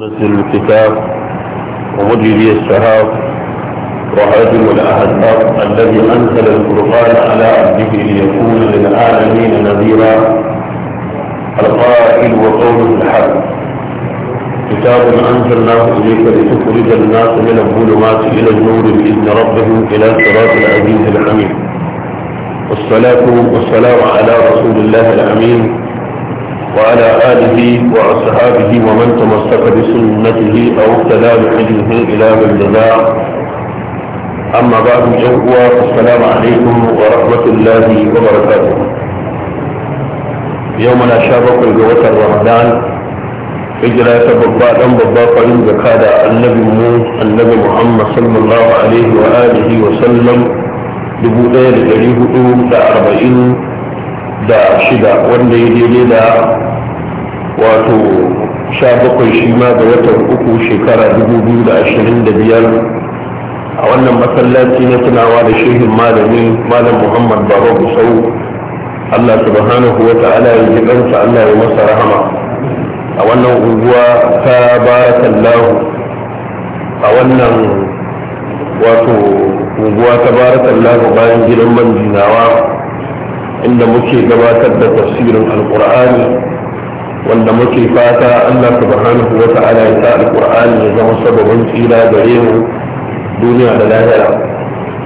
الكتاب ومجري السحاب وهاجم الاحزاب الذي انزل القران على عبده ليكون للعالمين نذيرا القائل وقوله الحق كتاب انزلناه اليك لتخرج الناس من الظلمات الى النور باذن ربهم الى صراط العزيز الحميد والصلاه والسلام على رسول الله الامين وعلى آله وأصحابه ومن تمسك بسنته أو اقتدى بحجمه إلى من لله أما بعد جوء السلام عليكم ورحمة الله وبركاته لا شابك الجوة الرمضان إجراء سببا دم ببا قريب زكاة النبي موت النبي محمد صلى الله عليه وآله وسلم دبو دير جريه أربعين da shida wanda ya daidai da wato sha bakwai shi ma ga watan uku shekara dubu biyu da ashirin da biyar a wannan masallaci na tunawa da shehin malami malam muhammad baba busau allah subhanahu wa ta'ala ya ji kansa allah ya masa rahama a wannan unguwa ta barakallahu a wannan wato unguwa ta barakallahu bayan gidan jinawa. inda muke gabatar da tafsirin alkur'ani wanda muke fata allah subhanahu wa ta'ala ya sa alkur'ani ya zama sababin tsira gare mu duniya da lahira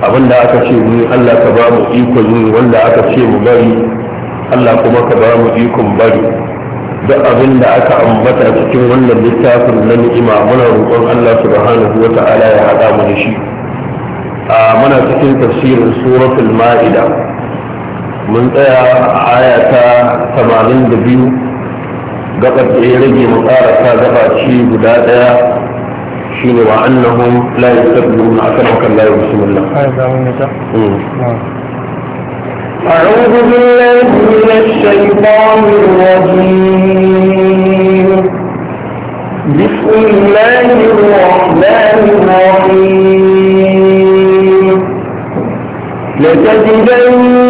da aka ce mu allah ka ba mu ikon yi wanda aka ce mu bari allah kuma ka ba mu ikon bari duk abin da aka ambata cikin wannan littafin na ni'ima muna roƙon allah subhanahu wa ta'ala ya haɗa mu da shi a muna cikin tafsirin suratul ma'ida من تيا آياتا ثمانين دبيو قبط إيرجي مطارسا قبط شي بدادا شين وأنهم لا يستبدون أسمك الله بسم الله أعوذ بالله من الشيطان الرجيم بسم الله الرحمن الرحيم لتجدن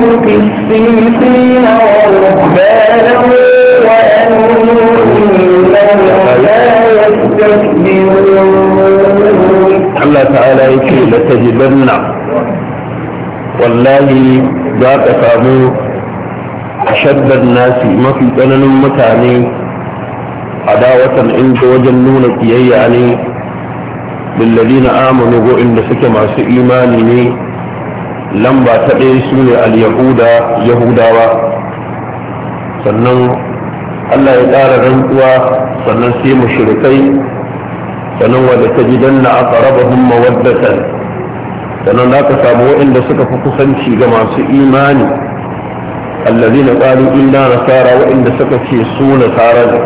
بالقسيسين تعالى يكي والله ذاك سامو أشد الناس ما في تنن متاني عداوة عند وجنون كي يعني للذين آمنوا وإن سكما سئيماني lamba ta ɗaya su ne al-yahuda yahudawa sannan allah ya ƙara rantsuwa sannan sai mushrikai sannan wadda ta gidan na aka raba hunma sannan za ka samu waɗanda suka fi kusanci ga masu imani allazi na ƙwari inda na tsara waɗanda suka ce su na tsara ne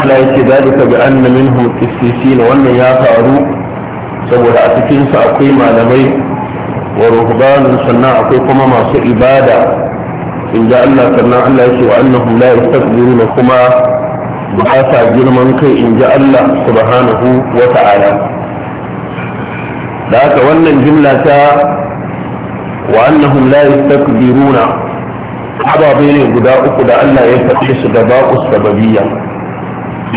allah ya ce zalika bi anna minhum qissisin wannan ya faru saboda a cikinsu akwai malamai ورهبان سنا أقول كما ما في إبادة إن جاء الله سنة الله يسوى أنهم لا يستقبلون كما بحاسة جنما كي إن جاء الله سبحانه وتعالى ذاك وأن الجملة وأنهم لا يستكبرون أبا بين قداء قد أن لا يفتح قداء السببية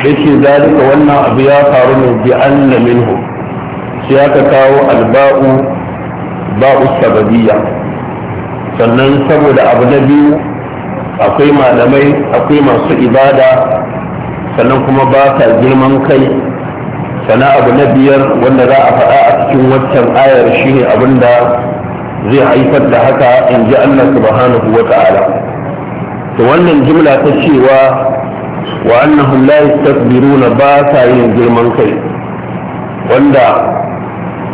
ليس ذلك وأن أبيا فارم بأن منه سياتكاو الباء ba'u sababiyya sannan saboda abu na biyu akwai malamai akwai masu ibada sannan kuma ba ka girman kai sannan abu na biyar wanda za a faɗa a cikin waccan ayar shirin abin da zai haifar da haka in ji Allah subhanahu wa ta'ala to wannan jimla ta cewa wa annahum la yastakbiruna ba sa yin girman kai wanda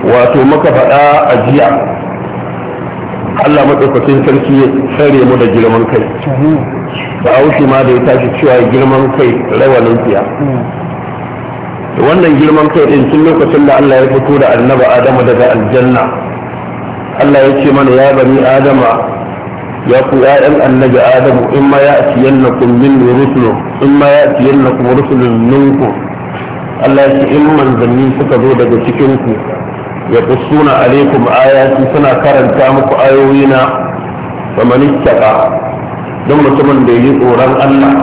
wato maka faɗa a jiya Allah maɗaukakin sarki ya tsare mu da girman kai ba a ma da ya tashi cewa girman kai rawanin tsiya wannan girman kai ɗin tun lokacin da Allah ya fito da annaba Adamu daga aljanna Allah ya ce mana ya bani Adama ya ku ya'yan annabi Adamu in ma ya atiyannakum min rusulun in ma ya atiyannakum rusulun ninku. Allah ya ce in manzanni suka zo daga cikin ku ya kusuna alaikum ayati suna karanta muku ayoyi na man ittaqa don mutumin da yi tsoron Allah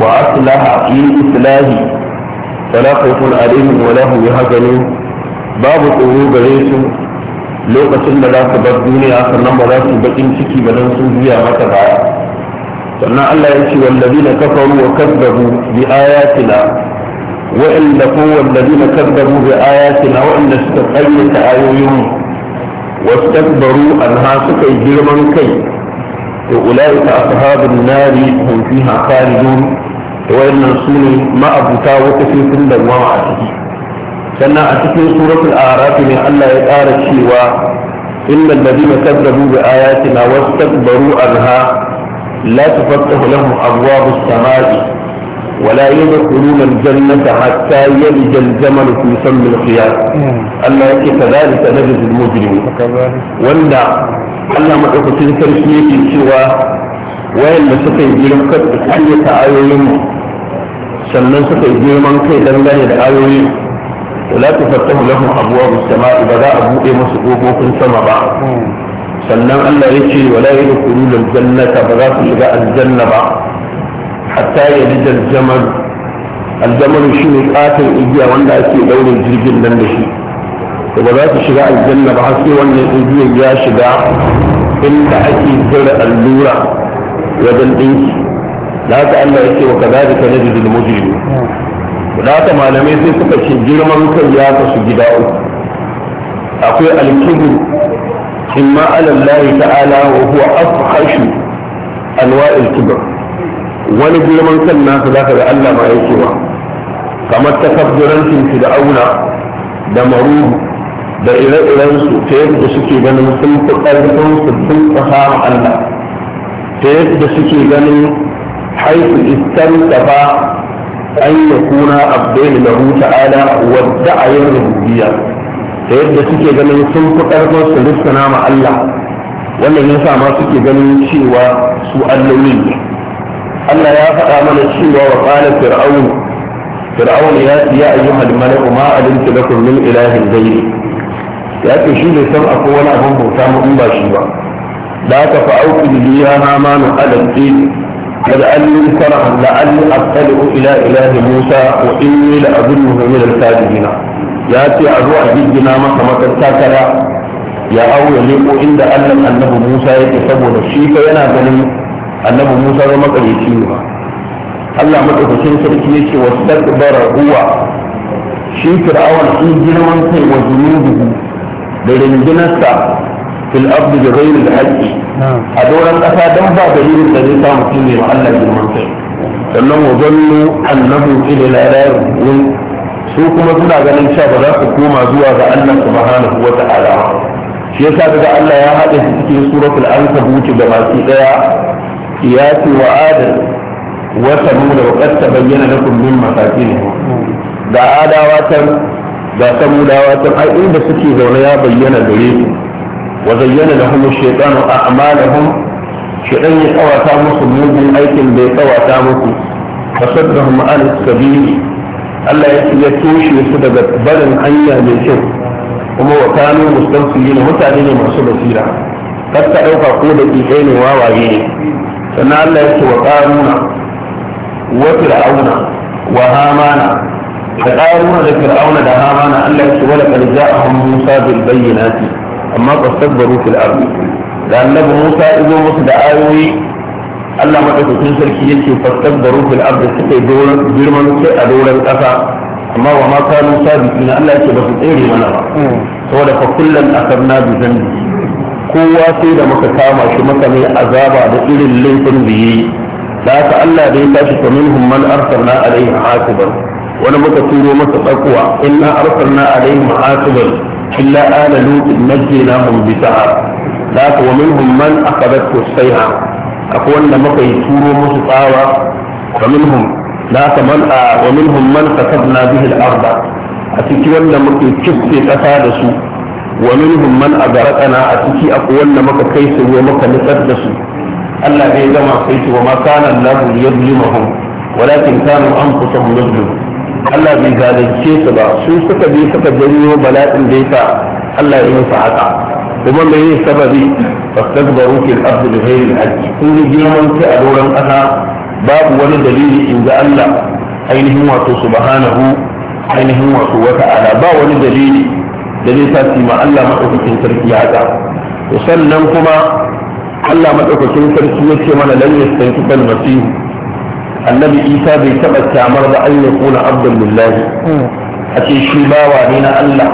wa aslaha yi islahi fala khawfun alaihim wa lahum yahzanun babu tsoro gare su lokacin da za su bar duniya sannan ba za su bakin ciki ba don sun juya mata baya sannan Allah ya ce wallazina kafaru wa kazzabu bi ayatina وإن هو الذين كذبوا بآياتنا وإن استقيت آيوهم واستكبروا أنها سكي جرما كي وأولئك أصحاب النار هم فيها خالدون وإن رسول ما أبتا وكفي كل دوام أتكي سنة أتكي سورة الأعراف من الله يقارك شيوا إن الذين كذبوا بآياتنا واستكبروا أنها لا تفتح لهم أبواب السماء ولا يدخلون الجنة حتى يلج الزمن في سم الخيار الله يكي كذلك نجد المجرم وانا الله ما تقصد ترسميك سوى وين ما ستجير قد تحيي تعايوين سنن ستجير من كي لنبه تعايوين ولا تفتح لهم أبواب السماء بدا أبو إيه مسؤوب وكن سمع بعض سنن الله يكي ولا يدخلون الجنة بغاك إذا الجنة بعض حتى يجد الزمن الزمن شنو القاتل اجيا وندا سي دور الجرجل لن دشي فذا ذات شراء الجنة بحسي وانا اجيا يا شداء ان تحكي زر اللورة وذن انش لا تعالى اكي وكذلك نجد المجرم ولا تعالى ميزي فكشي جرم روكا يا تسجداء اقوى الكبر اما على الله تعالى وهو افخش انواع الكبر wani girman kan nasu za ka da Allah ma yake wa kamar takabburancin da auna da maruhu da ire-irensu ta yadda suke ganin sun fi ƙarfin su sun tsahara Allah ta yadda suke ganin haifu istantafa an ya kuna da lahu ta'ala wadda a yin rububiyya ta yadda suke ganin sun fi ƙarfin su rufsana nama Allah wannan sa ma suke ganin cewa su allolin ne ألا يا من الشيء وقال فرعون فرعون يا أيها الملك ما علمت لكم من إله غيري يا تشيل سمع قولا هم بوتام أم باشيبا لا تفعوك لي أنا ما الدين لأني سرح لأني أبتلئ إلى إله موسى وإني لأظنه من الكاذبين يا تي أدوى جدنا ما خمت التاكرا يا أول يقول إن ألم أنه موسى يتصبر الشيء فينا annabi musa zama ƙaryaci ne allah maɗaukakin sarki yake wasu takbara uwa shi fir'awan in girman kai wa zunubihi da rinjinarsa fil abdu da ghairil haqqi a doron ƙasa dan ba dalilin da zai samu cinye wa allah girman kai sannan wa zallu annahu ila la yarjun su kuma suna ganin cewa ba za su koma zuwa ga allah subhanahu wa ta'ala shi yasa daga allah ya haɗe su cikin suratul ankabut da masu daya ya ce wa adar wata nuna wa ƙasta bayyana na kullum masaki ne ga adawa can ga samudawa can ai inda suke zaune ya bayyana gare su wa zayyana da kuma shaitanu a amalahum shaitan ya tsawata musu mugun aikin da ya tsawata musu fasadrahum an sabili Allah ya ce ya toshe su daga barin hanya mai kyau kuma wa kanu mustansiyin mutane ne masu basira kar ka ɗauka ko da ƙiƙai ne wawaye ne sannan Allah ya ce wa qaruna wa fir'auna wa hamana da qaruna da fir'auna da hamana Allah ya ce wa laqad ja'ahum musa bil bayyinati amma qasabbaru fil ardi da annabi Musa izo musu da ayoyi Allah madaukakin sarki yake fastabbaru fil ardi suka girman kai a doron kasa amma wa ma kanu sabiqina Allah yake ba su tsere mana ba saboda fa kullan akarna bi zambi kowa sai da muka kama shi muka mai azaba da irin laifin da yi da haka Allah da ya tashi ta minhum man arsalna alaihi hasiban wani muka turo masa tsakuwa inna arsalna alaihi hasiban illa ala lutin najjaynahum bi sahar da haka wa minhum man akhadathu sayha akwai wanda muka yi turo musu tsawa wa hum. da haka man a ah, wa minhum man katabna bihi al-arda a cikin wanda muke kifte kasa da su ومنهم من أغرقنا أتكي أقوان مك كيس ومك لقدس الله إذا ما كيس وما كان الله ليظلمهم ولكن كانوا أنفسهم يظلمون ألا بذلك كيس با سو سكا بي سكا ديتا الله ينفع عطا بما مي سببي فاستكبروا في الأرض بغير الحج كل جيمان كأدورا أها باب ولا دليل إن الله أينهم وتو سبحانه أينهم وتو وتعالى باب ولا دليل da zai sa ma Allah maɗaukakin sarki ya ga sannan kuma Allah maɗaukakin sarki ya ce mana lan yastanki kan masihu annabi isa bai taɓa kyamar da an yakuna abdul lillahi a ce shi bawa ne na Allah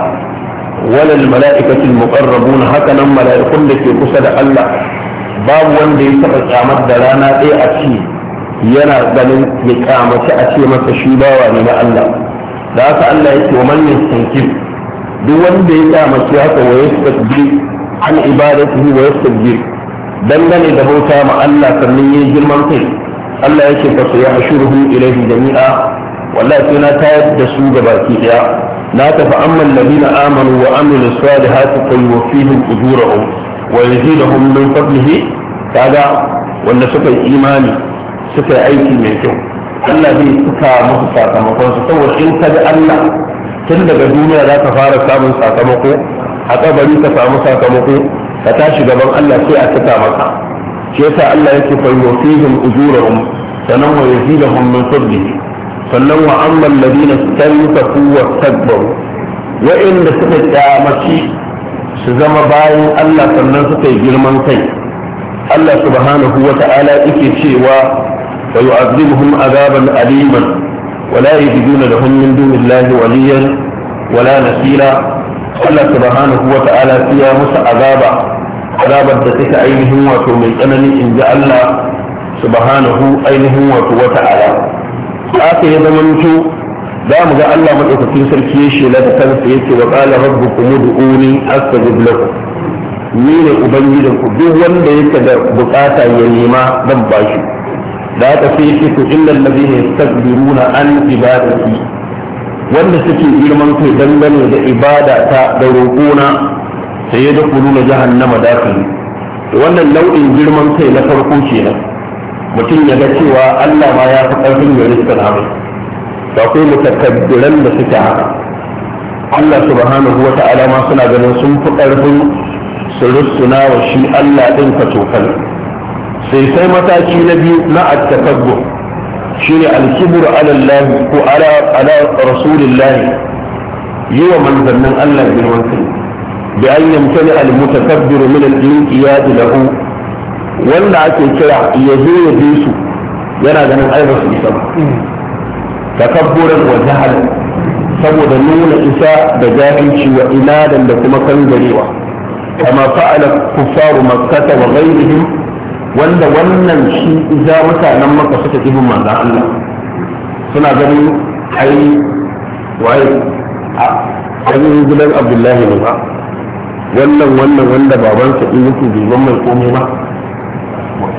wala mala'ikatul muqarrabun haka nan mala'ikun da ke kusa da Allah babu wanda ya taɓa kyamar da rana ɗaya a ce yana ganin ya kyamaci a ce masa shi bawa ne na Allah da haka Allah ya ce wa man yastanki duk wanda ya kyamaci haka wa yastabbi an ibadatihi wa yastabbi dangane da bauta ma Allah sannan yayi girman kai Allah yake fa sai ashuruhum ilayhi jami'a wallahi sai na tayar da su baki daya tafi tafa'ammal ladina amanu wa amilus salihati fa yuwaffihim ujurahum wa yazidahum min fadlihi kaga wanda suka yi imani suka yi aiki mai kyau Allah zai suka musu sakamakon su saboda in ka ji Allah tun daga duniya za ka fara samun sakamako a kabari ka samu sakamako ka tashi gaban Allah sai a cika maka shi yasa Allah yake fa yufihim ujurahum sanan wa yazidahum min fadlihi sannan wa amma alladhina tanfaku wa takbaru wa inda suka kyamaci su zama bayan Allah sannan suka yi girman kai Allah subhanahu wa ta'ala yake cewa wa yu'azibuhum azaban aliman ولا يجدون لهم من دون الله وليا ولا نسيرا Allah subhanahu wa ta'ala sai ya musu azaba azabar da take ainihin wato mai tsanani in ji Allah subhanahu ainihin wato wa ta'ala haka ya zama mutu za mu ga Allah madaukakin sarki ya shela da kansa yake wa qala rabbukum ud'uni astajib lakum ni ne ubangijinku duk wanda yake da bukata ya nema zan bashi da aka sai yake na illal ladina yastakbiruna an ibadati wanda suke girman kai dangane da ibada ta da roƙona sai ya dakuluna jahannama dakali wannan nau'in girman kai na farko nan. mutum ya ga cewa Allah ma ya fi ƙarfin ya rinsa na mai to akwai mutakabbiran da suke haka Allah subhanahu wa ta'ala ma suna ganin sun fi ƙarfin su rusuna wa shi Allah ɗin ka tokali sai sai mataki na biyu na at-takabbur shine al-kibr ala Allah ko ala ala rasulillah yiwa manzannin Allah girman kai bi an yamtani al-mutakabbir min al-inqiyad lahu wanda ake kira yaje ya su yana ganin ai ba su isa ba takabburan wa jahal saboda nuna isa da jahilci wa inadan da kuma kangarewa kama fa'ala kuffaru makkata, wa ghayrihim wanda wannan shi ja mutanen maka suka ibin manzan Allah suna ganin ai waye a yin gidan abdullahi ne ba wannan wannan wanda babansa in yake bai mai komai ba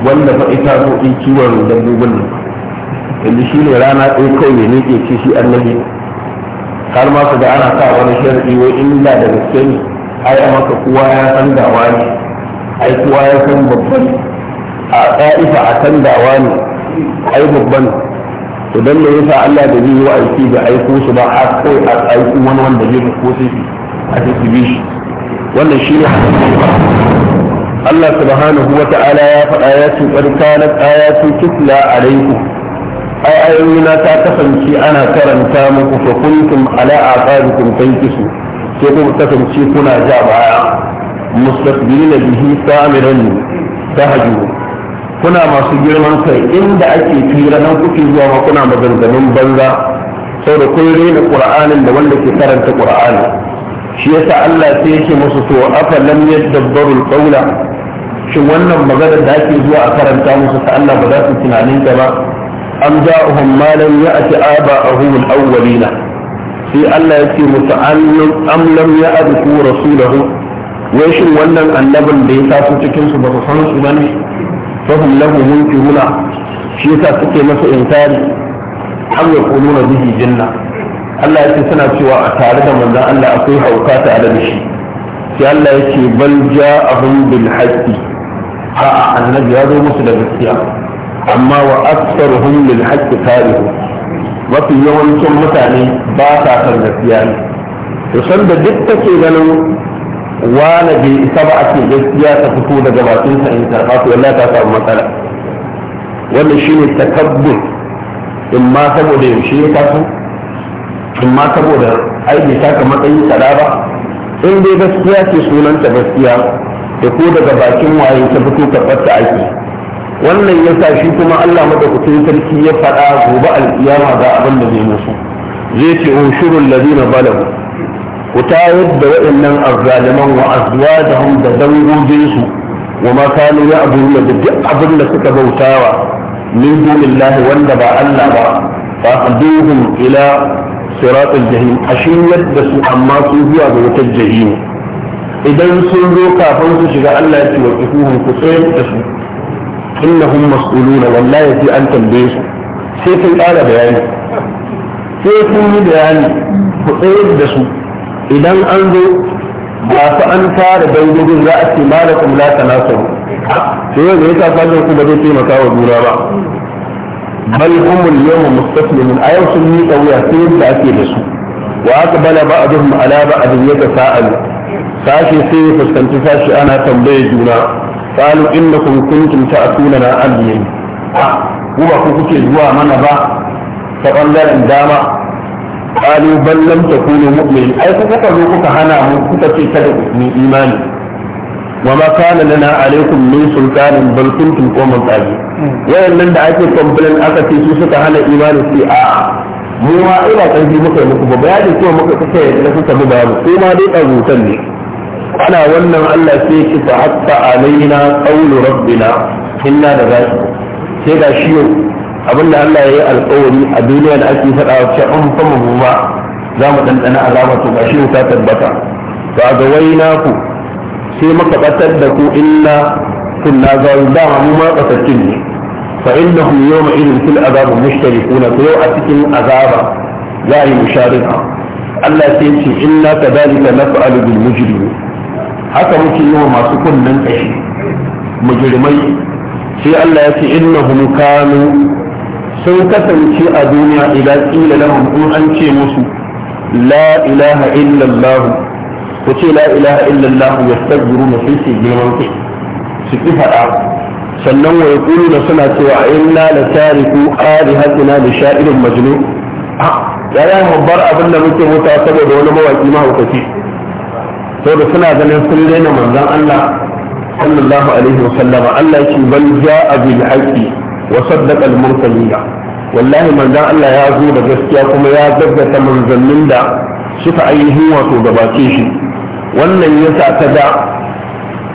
wanda fa ita zo in kiwon dabbobin nan inda shi ne rana ɗaya kawai ne ke ce shi annabi har ma su da ana sa wani sharadi wai in da gaske ne ai a maka kowa ya san dawa ne ai kowa ya san babban a ɗa'ifa a kan dawa ne ai babban to dan da yasa Allah da zai yi wa aiki da aiko su ba a kai a aiko wani wanda zai ga ko sai a sai bi shi wannan shi ne Allah subhanahu wa ta'ala ya faɗa ya ce ƙarƙanat ayatu kitla alaikum ayoyina ta kasance ana karanta muku fa kuntum ala aqabikum tankisu sai kuma kasance kuna ja baya mustakbirina bihi samiran tahju kuna masu girman kai inda ake fira nan kuke zuwa ma kuna maganganun banza saboda kun rena qur'anin da wanda ke karanta qur'ani shi yasa Allah sai yake musu to afa lam yadabbaru al-qawla shin wannan magana da ake zuwa a karanta musu ta Allah ba za su tunanin ta ba am ja'uhum ma lam ya'ti aba'ahum al-awwalina sai Allah yake musu am lam ya'ti rasulahu wai shin wannan annabin da ya taso cikin su ba su san su bane فهم له منكرون شيء سكي مسو إنسان أو يقولون به جنة الله يكي سنة سوى أتعرض من ذا الله أقيح وقات على بشي في الله يكي بل جاءهم بالحج ها النبي هذا مسلم بالسياق أما وأكثرهم للحج كارهون وفي يوم mutane ba sa san gaskiya ne to wani bai isa ba ake gaskiya ta fito daga bakinsa in karɓa to wallahi ta samu matsala wannan shine takabbur in ma saboda yaushe ya taso in ma saboda ai bai taka matsayin kaza ba in dai gaskiya ce sunanta gaskiya da ko daga bakin waye ta fito karɓar ta aiki wannan ya sa shi kuma Allah madaukakin sarki ya faɗa gobe alƙiyama ga abin da zai musu zai ce unshurul ladina balagu وتعود بوئن من الظالمين وأزوادهم دبنوا جنسوا وما كانوا يعبدون بدئ عبدنا كتبوا تاوى من دون الله واندبع الله فأخذوهم إلى صراط الجهيم عشين يدسوا عما سوزوا بوت الجهيم إذا سوزوا كافوزوا شجاء الله يتوقفوهم كثير اسم إنهم مسؤولون والله يتي أنت البيس سيكي الآلة بيعني سيكي الآلة بيعني كثير دسوا idan an zo ba su an tara dangogin za a ce malakum la tanasaru to yau ne ta fadin ku ba zai taimaka wa juna ba bal humul yawma mustaslimun a yau sun yi kauya sai da ake da su wa aqbala ba'dhum ala ba'd yatasaalu sashi sai ya fuskanci sashi ana tambaye juna qalu innakum kuntum ta'tunana al-yawm ku ba ku kuke zuwa mana ba ta bangaren dama قالوا بل لم تكونوا مؤمنين hana كوكا روكا هنا كوكا في كذا من إيمان وما كان لنا عليكم من سلطان بل كنتم قوما طاغين وين من دعيت كومبلين أكا في سوسكا هنا إيمان في آه mu ma ina ƙarfi muka yi muku ba bayani cewa muka kuka yadda kuka bi ba su ma dai ɗarutan ne ana wannan Allah sai ki fa hatta alaina qawlu rabbina hinna da zaki sai shi yau abinda Allah ya yi alƙawari a duniya da ake faɗa wa ce an fama ba za mu ɗanɗana alama to ga shi ta tabbata to a gawai na ku sai muka ɓatar da ku illa kunna zawi dama mu ma ɓatattun ne fa innahum irin idin fil azab mushtarikuna to yau a cikin azaba za a yi musharika Allah sai ce inna kadhalika naf'alu bil mujrimin haka muke yi wa masu kunnen kashi mujrimai sai Allah ya ce innahum kanu sun kasance a duniya idan ƙila lahum in an ce musu la ilaha illallah ku ce la ilaha illallah ya tsagguru na sun su girman kai su ki faɗa sannan wa yaqulu da suna cewa inna la tariku alihatina li sha'irin majnun a ah, ya yi abin da muke mutu saboda wani mawaki mahaukaci saboda suna ganin sun daina manzon Allah sallallahu alaihi wa sallama Allah ya ce bal ja'a bil haqqi wa saddaqa al-mursalina wallahi manzan Allah ya zo da gaskiya kuma ya gaggata manzannin da suka ainihin wato gabace shi wannan yasa ta da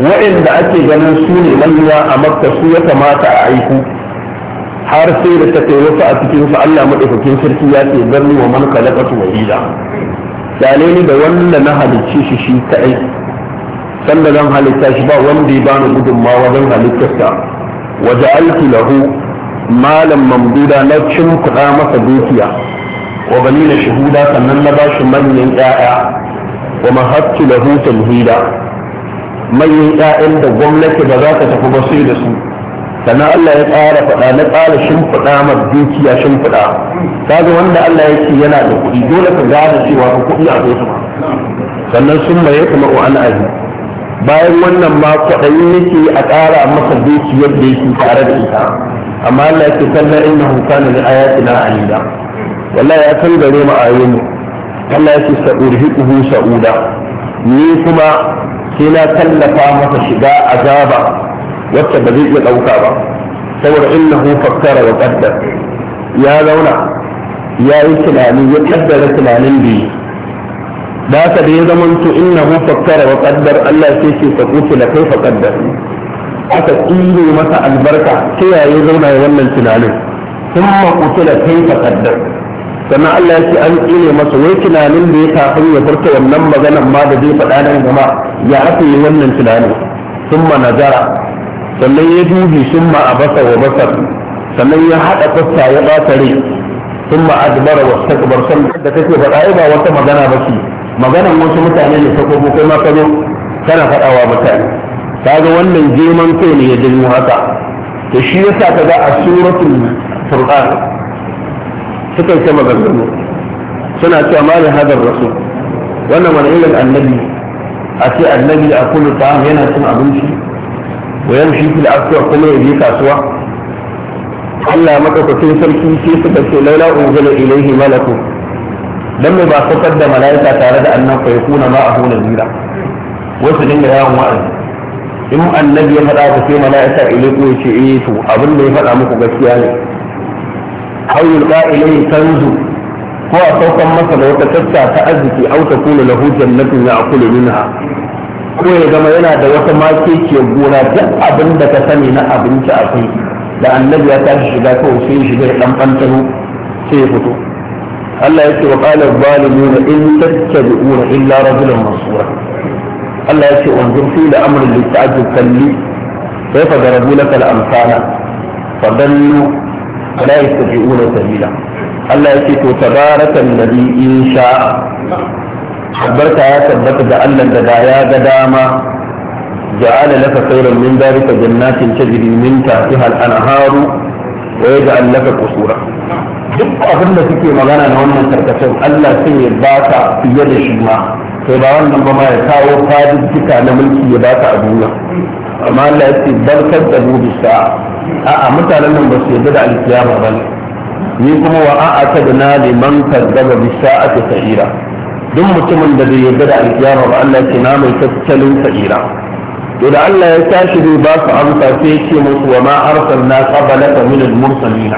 waɗanda ake ganin su ne manya a makka su ya kamata a aiku har sai da ta kai wasu a cikin su Allah madaukakin sarki ya ce zarni wa man khalaqatu wahida dale ni da wanda na halicce shi shi sanda zan halitta shi ba wanda ya bani gudunmawa zan halitta. waje alki lahu malam mamduda na cin kuɗa masa dukiya wa banina shahuda sannan na ba shi manyan ƴaƴa wa mahattu lahu tamhida manyan ƴaƴan da gwamnati ba za ta tafi ba sai da su sannan Allah ya tsara faɗa na tsara shimfiɗa ma dukiya shimfiɗa kaga wanda Allah ya ce yana da kuɗi dole ka gane cewa ka kuɗi a su sannan sun maye kuma wa an aji bayan wannan ma kwaɗayi yake a ƙara masa dukiyar da yake tare da ita amma Allah yake kalla innahu kana li ayatina alida wallahi ya san gare mu ayoyin Allah yake sa'urhiquhu sa'uda ni kuma sai na tallafa masa shiga azaba wacce ba zai iya dauka ba saboda innahu fakkara wa qaddar ya zauna ya yi tunani ya kaddara tunanin da yi da haka da ya zamanto innahu fakkara wa qaddar Allah sai ke fa kuce la kai fa qaddar aka tsire masa albarka sai ya zauna ya wannan tunanin sun makutula kai ta kaddar sannan Allah ya ce an tsire masa wai tunanin da ya kafin ya furta wannan maganan ma da zai faɗa nan gama ya aka yi wannan tunanin sun ma nazara sannan ya dubi sun ma a basa wa basar sannan ya haɗa fuska ya ɓata rai sun ma adbara wa takbar san da kake faɗa ai ba wata magana ba ce maganan wasu mutane ne ta kogo kai ma kano kana faɗawa mutane kaga wannan girman kai ne ya janyo haka to shi yasa kaga a suratul furqan suka ce maganganu suna cewa mali hadar rasul wannan wani irin annabi a ce annabi a kullu ta'am yana cin abinci wa yamshi fil aswa kuma ya je kasuwa Allah maka ko madaukakin sarki ce suka ce laula unzila ilaihi malaku dan mai ba saukar da mala'ika tare da annabi ko yakuna ma'ahu nazira wasu dinga yawan wa'azi in annabi ya faɗa ku sai mala'ika iliko ya ce eh to abin da ya faɗa muku gaskiya ne aw yulqa ilayhi kanzu ko a saukan masa da wata tafsa ta arziki aw takunu lahu jannatun ya'kulu minha ko ya zama yana da wata makeke gona duk abin da ka sani na abinci akwai da annabi ya tashi shiga kawai sai shiga ya dan sai ya fito Allah ya ce wa qala zalimuna in tattabi'una illa rajulan mansura Allah ya ce wanzur fi da amrin da ta'ajjul kalli sai fa darabu laka al-amsala fa dallu la yastati'una sabila Allah ya ce to tabarakan nabi insha albarka ya tabbata da Allah da da ya ga dama ja'ala laka khairan min dhalika jannatin tajri min tahtiha al-anharu ويجعل لك قصورا duk abin da suke magana na wannan karkashin Allah sai ya baka fiye da shi ma sai ba wannan ba ma ya kawo fadistika na mulki ya baka a duniya amma Allah ya ce barkar da dubi sa'a a'a mutanen nan ba su yarda da alkiyama ba ni kuma wa a'a ta da na liman kaddaba bi sa'ati sa'ira duk mutumin da bai yarda da alkiyama ba Allah ya ce na mai tattalin sa'ira to da Allah ya tashi zai ba su amsa sai ya ce musu wa ma arsalna qablaka min al-mursalin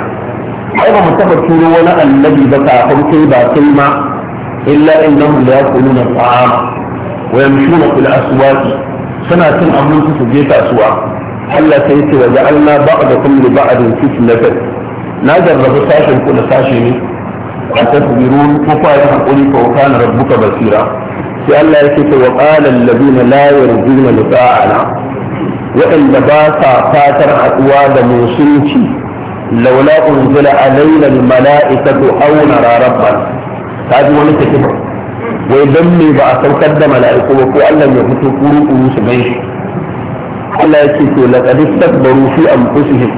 ai ba mu taba turo wani annabi ba kafin kai ba kai ma إلا إنهم ليأكلون الطعام ويمشون في الأسواق سنة في تجيك أسواق حلا تيتي وجعلنا بعضكم لبعض فتنة نادى الرب ساشن كل ساشن أتصبرون كفاية حقولي فوكان ربك بصيرا سألا الله وقال الذين لا يرجون لقاءنا وإن باسا فاتر أقوال موسنتي لولا أنزل علينا الملائكة أو نرى ربنا ta ji wani take ba wai dan me ba a saukar da mala'iku ba ko Allah ya fito kuru kuru su gan shi Allah ya ce to laqad istakbaru fi anfusihim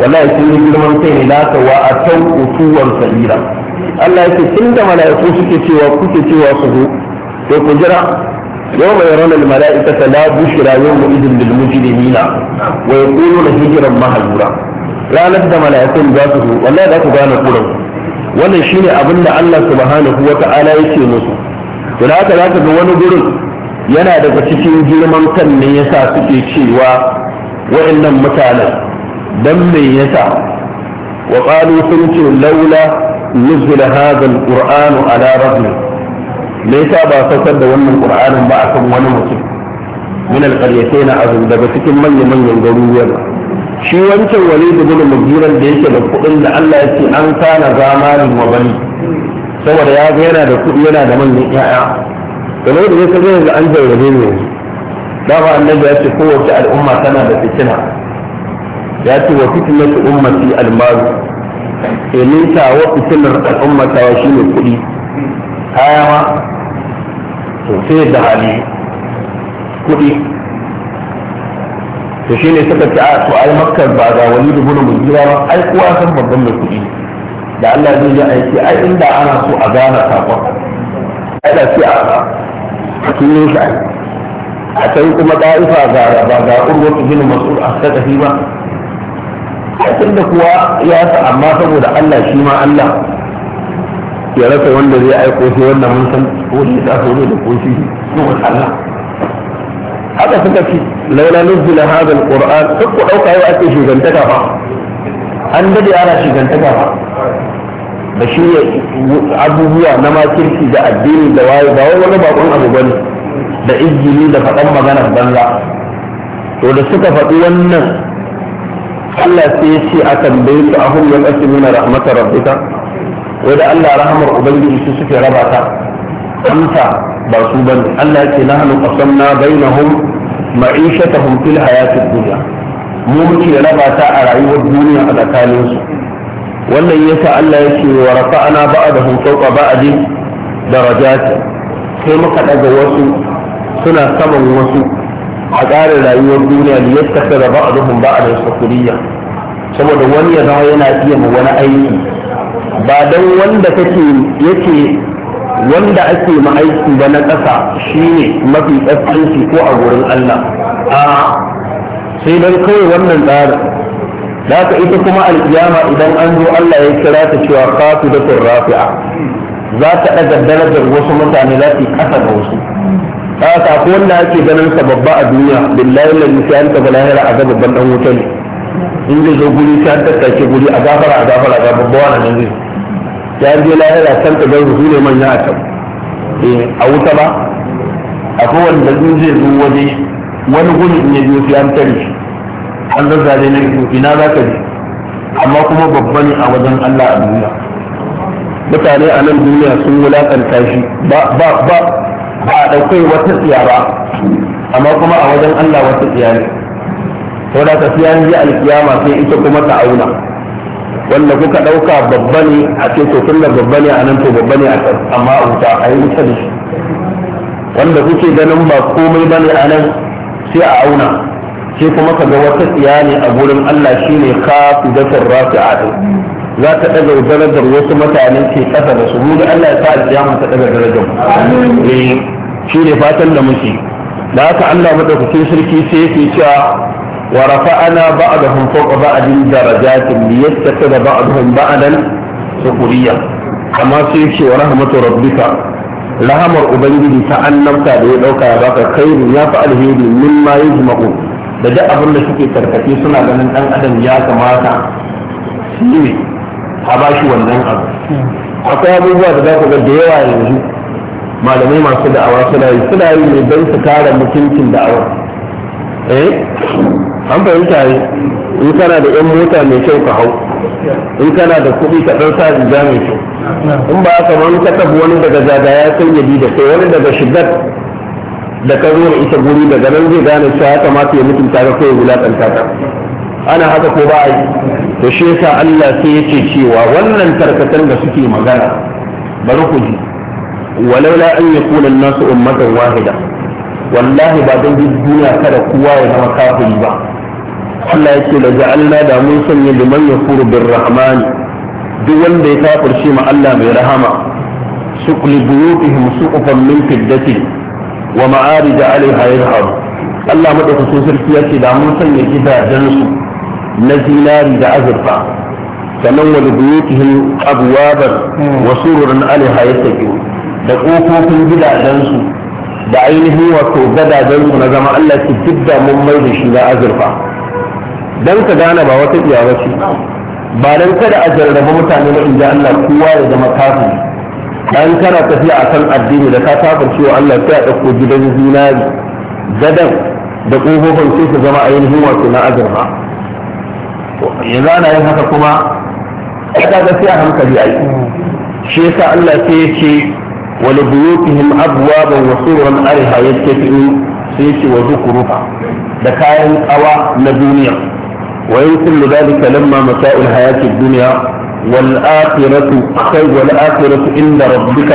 wallahi sun yi girman kai ne laka wa atau usuwan sabila Allah ya ce da mala'iku suke cewa kuke cewa su zo to ku jira يوم يرون الملائكة لا بشرى يومئذ للمجرمين ويقولون هجرا مهجورا لا نبدأ ملائكة ذاته ولا ذاك كان قرب wannan shine abin da Allah subhanahu wa ta'ala ce musu to da haka zaka ga wani gurin yana daga cikin girman kan ne yasa suke cewa wa'annan mutanen dan me yasa wa qalu sun ce laula nuzila hadha alquran ala rajul me yasa ba saukar da wannan qur'anin ba akan wani mutum min alqaryatayn azum daga cikin manyan manyan garuruwa shi wancan wali da gudun mugiran da yake da kuɗin da Allah ya ce an kana zamanin wa bani saboda ya ga yana da kuɗi yana da manyan ƴaƴa kamar da yake zai ga an jarrabe ne yanzu dama annabi ya ce kowace al'umma tana da fitina ya ce wa fitnatu ummati al-malu domin eh, ta wa fitinar al'umma ta shi ne kuɗi kaya ma to sai da hali kuɗi to shi ne suka ce a to ai makkar ba ga wani dubu na mujira ba ai kowa san babban mai kuɗi da Allah zai yi aiki ai inda ana so a gane sakon ai da sai a a tuno shi ai a can kuma ɗa'ifa ga ba ga urwatu bin mas'ud a ta tafi ba ai da kuwa ya sa amma saboda Allah shi ma Allah ya rasa wanda zai aiko shi wannan mun san ko shi da so ne da ko shi ne Allah haka suka ci laula nuzula hadha qur'an duk ku dauka yau ake shugantaka fa an dade ana shugantaka fa da shi abubuwa na makirki da addini da waye ba wai wani bakon abu bane da izini da faɗan maganar banza to da suka faɗi wannan Allah sai ya ce a tambaye su ahum yaqsimuna rahmatar rabbika wai da Allah rahmar ubangiji su suke raba ta amsa ba su ba ne Allah ke na hannu kasamna bainahum ma'ishatahum fil hayatid dunya mu muke raba ta a rayuwar duniya a tsakanin su wannan yasa Allah yake wa rafa'ana ba'dahum fawqa daraja darajat sai muka daga wasu suna saman wasu a ƙarin rayuwar duniya da yadda ta da ba'dahum ba'dan sukuriya saboda wani ya zama yana iya ma wani aiki ba don wanda kake yake wanda ake ma'aiki ba na ƙasa shine mafi tsatsanci ko a gurin Allah a sai dan kawai wannan tsarin da ka ita kuma alkiyama idan an zo Allah ya kira ta cewa Fatu da rafi'a za ta ɗaga darajar wasu mutane za su ƙasa da wasu ta haka ko wanda ake ganin sa babba a duniya billahi lalli sai an taɓa lahira a ga babban dan wuta ne in zai zo guri sai an tattake guri a gafara a gafara ga babba wani ne zai ya je lahira kan ka gan su ne manya a can eh, a wuta ba akwai wanda in zai zo waje wani gudun in ya biyo sai an tare shi an zazzare na ido ina za ka je amma kuma babba ne a wajen Allah a duniya mutane a nan duniya sun wulakanta shi ba ba ba a ɗaukai wata tsiya ba amma kuma a wajen Allah wata tsiya ne saboda ka siya ji alkiyama sai ita kuma ta auna wanda kuka ɗauka babba ne a ce to tun da babba ne a nan to babba ne a kan amma a wuta a yi wuta da shi wanda kuke ganin ba komai ba ne a nan sai a auna sai kuma ka ga wata tsiya ne a gurin Allah shi ne ka fidatar rafi'a din za ta ɗaga darajar wasu mutane ke ƙasa da su mu da Allah ya sa a alƙiyama ta ɗaga darajar eh shi ne fatan da muke da haka Allah madaukakin sarki sai yake cewa ورفعنا بعضهم فوق بعض درجات ليتخذ بعضهم بعضا سخريا كما سيشي ورحمة ربك رحمة أبنجي تأنبت بيدوك يا باك خير يا مما يجمعون da duk abin da suke tarkace suna ganin dan adam ya kamata shi ne a bashi wannan abu akwai abubuwa da za ku ga da yawa yanzu malamai masu da'awa suna yi suna yi su kare mutuncin an fahimta ne in kana da yan mota mai kyau ka hau in kana da kuɗi ka ɗan sa riga mai kyau in ba haka wani ka tafi wani daga jaga ya sanya bi da kai wani daga shigar da ka zo ita guri daga nan zai gane cewa ya kamata ya mutunta ka ko ya wulaƙanta ka ana haka ko ba a yi to shi yasa Allah sai ya ce cewa wannan tarkatan da suke magana bari ku ji walaula an yakuna an-nasu ummatan wahida wallahi ba don duniya kada kowa ya zama kafiri ba Allah yake da ja'alna da mun sanya liman ya furu bin rahman duk wanda ya kafirce ma Allah mai rahama suqli buyutihim suqufan min fiddatin wa ma'arij 'alayha yadhhab Allah madaukakin sarki yake da mun sanya gidajen su na zinari da azurfa sannan wa buyutihim abwaban wa sururun 'alayha yattaqun da kofofin gidajen su da ainihin wato gadajen su na zama Allah ki duk mun mai da shi na azurfa dan ka gane ba wata iya ba ba don kada a jarraba mutane na inda Allah kowa ya zama kafiri dan kana tafiya a kan addini da ka kafir cewa Allah sai a dauko gidan zinari gadan da kofofin sai su zama ainihin wato na azurfa yanzu yin haka kuma kada ga sai a hankali ai shi yasa Allah sai ya ce ولبيوتهم أبوابا وسورا أرها يتكئون سيتي وذكرها da kayan awa na duniya ويمكن ذلك لما متاع الحياة الدنيا والآخرة خير والآخرة عند ربك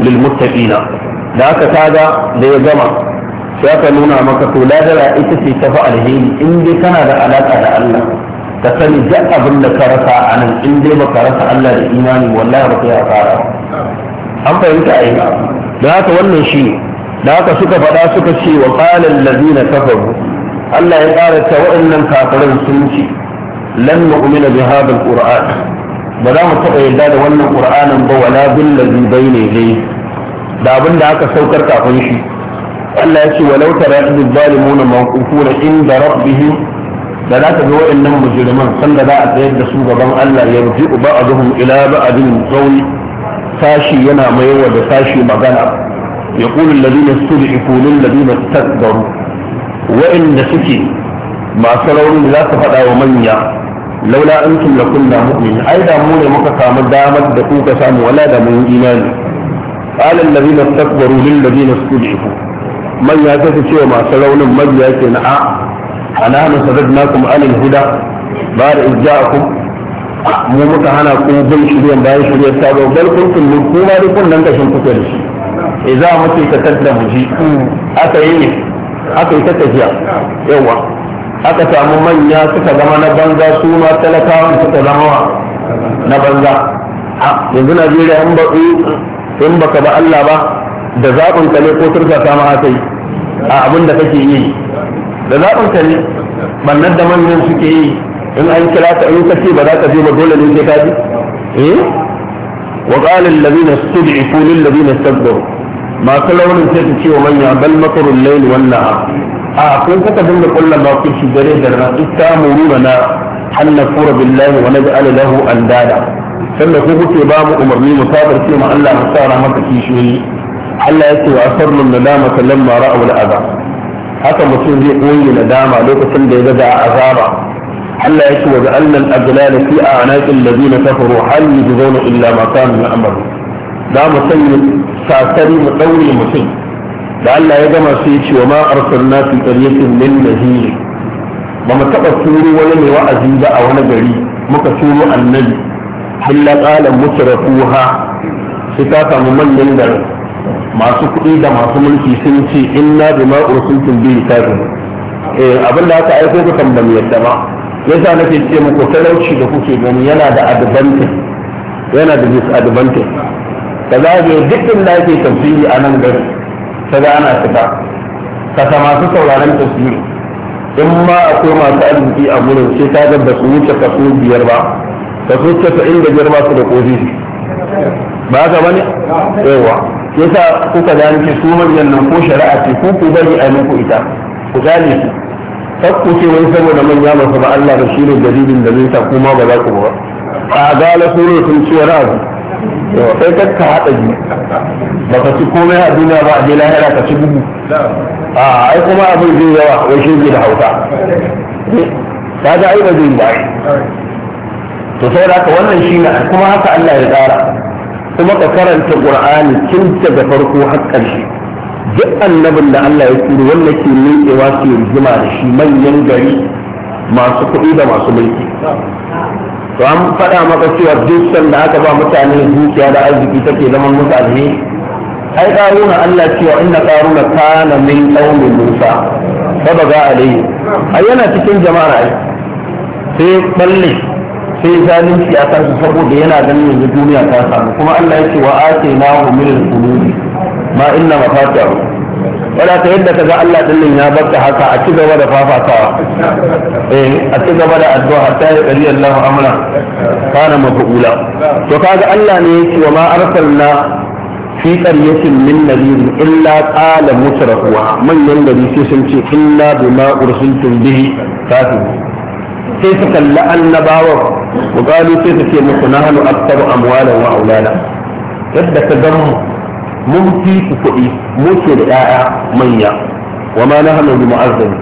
للمتقين ذاك هذا ليجمع شاك نونا مكة لا دلا إتسي تفع الهين إن دي كان دا علاقة الله تسني جاء بن كرسا عن إن دي بكرسا الله لإيماني والله رقيا قارا أم فهمت أيها ذاك ولن شيء ذاك سكفة ذاك سكفة وقال الذين كفروا Allah ya ƙara ta waɗannan kafirin sun ce lan nu'mina bi hadha al-qur'an ba za mu taɓa yarda da wannan qur'anin ba wala bil ladhi bayna yadayhi da abin da aka saukar kafin shi Allah ya ce walau tara idh zalimuna mawqufuna inda rabbihim da za ka ga waɗannan mujriman sanda za a tsayar da su gaban Allah ya rufi ba'dhum ila abin qawli sashi yana maiwa da sashi magana يقول الذين استضعفوا للذين استكبروا wa'inda suke masu rauni za su faɗa wa manya laula an la kunna mu'min ai da mu ne muka samu damar da kuka samu wala da mun imani qala alladhina istakbaru lil ladina istud'ifu manya ta su ce masu raunin manya ke na a ananu sadadnakum anil huda ba da ijja'akum mu muka hana ku bin shirya bayan shiryan sabo bal kuntum min kuma dukkan nan gashin kuke da shi idza mutu ka tadda muji hmm. aka yi aka yi ta tafiya yawa aka samu manya suka zama na banza su ma talakawan suka zama na banza yanzu najeriya in ba in baka ba allah ba da zaɓin ka ne ko turka ta ma aka yi a abin da kake yi da zaɓin ka ne bannan da manyan suke yi in an kira ka in ka ce ba za ka je ba dole ne sai ka ji eh wa qala alladhina istud'ifu lil ladina istakbaru masu launin sai ta ce wa manya bal makarun laili wannan a kun kuka dinga kullum ba ku shi dare da rana duk ta muru na hanna kura billahi wa naj'ala lahu andada sannan ku kuke ba mu umarni mu sabar ce ma Allah mu sa maka kishiyoyi Allah ya ce wa asarnu nadama lamma ra'u al'azab haka mutum zai koyi nadama lokacin da ya ga azaba Allah ya ce wa ja'alna al-aghlala fi a'naqi alladhina kafaru hal yujzauna illa ma kanu ya'malu za mu sanya sasari mu ɗaure mutum da Allah ya gama sai ce wa ma arsalna fi qaryatin min nahiri ba mu taɓa turo wani mai wa'azi ba a wani gari muka turo annabi illa qala mutrafuha sai ta samu manyan garin masu kuɗi da masu mulki sun ce inna bima ursiltum bihi kafir eh abin da aka aiko ku kan ban yadda ba yasa nake ce muku talauci da kuke gani yana da advantage yana da disadvantage ka zagaye dukkan da ake tafsiri a nan gari ta ga ana fita kasa masu sauraron tafsiri in ma akwai masu arziki a gurin sai ta ga ba su wuce kaso biyar ba kaso casa'in da biyar ba su da kofi ba ka ba ne yawa sa kuka gane su manyan nan ko shari'a ce ko ku bari a muku ita ku gane su fakku ce wani saboda manya masu ba Allah da shi ne dalilin da zai sa kuma ba za ku ba a gala suratun ciwar azu yau sai ka ka haɗa ba ka ci komai a duniya ba a je lahira ka ci bugu a ai kuma abin zai yawa wai shi ne da hauka ta ga ai ba zai yi ba to sai da wannan shi ne kuma haka Allah ya tsara kuma ka karanta Qur'ani tun daga farko har ƙarshe duk annabin da Allah ya turo wanda ke miƙewa su yi rigima da shi manyan gari masu kuɗi da masu mulki to an faɗa maka cewa duk da aka ba mutane dukiya da arziki take zaman mutane. alheri ai karuna Allah cewa inna karuna kana min qaumi Musa fa baga alai ai yana cikin jama'a ai sai balle sai zalunci a kansu saboda yana ganin yanzu duniya ta samu kuma Allah ya ce wa ataynahu min al-qulubi ma inna mafatihahu wadda ta yadda kaga Allah din ya barka haka a cigaba da fafatawa eh a cigaba da addu'a ta yi dari Allahu amra kana mafula to kaga Allah ne yake wa ma arsalna fi qaryatin min nabiyyin illa qala mutrafuha manyan da ni sun ce illa bima ursiltum bihi kafir sai su kalli annabawan wa qalu sai su ce muku nahnu aktaru amwalan wa aulada yadda ka mu. mun fi ku kuɗi ke da 'ya'ya manya wa ma nahnu bi mu'azzam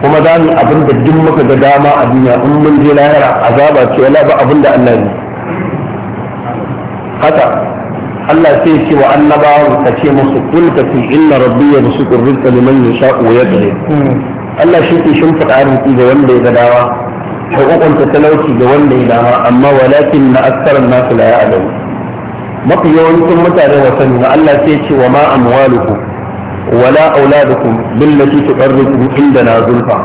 kuma za mu abin da duk muka ga dama a duniya in mun je lahira azaba ce wala ba abin da Allah ne haka Allah sai ce wa annabawa ka ce musu kul ka fi inna rabbi yabsutu rizqa liman yasha'u wa yaqdir Allah shi ke shimfiɗa arziki ga wanda ya ga dawa da kokonta talauci ga wanda ya dama amma walakin na aksarar nasu la ya'lamu mafi yawancin mutane wa sani na Allah sai ce wa ma amwalukum wala auladukum billati inda na zulfa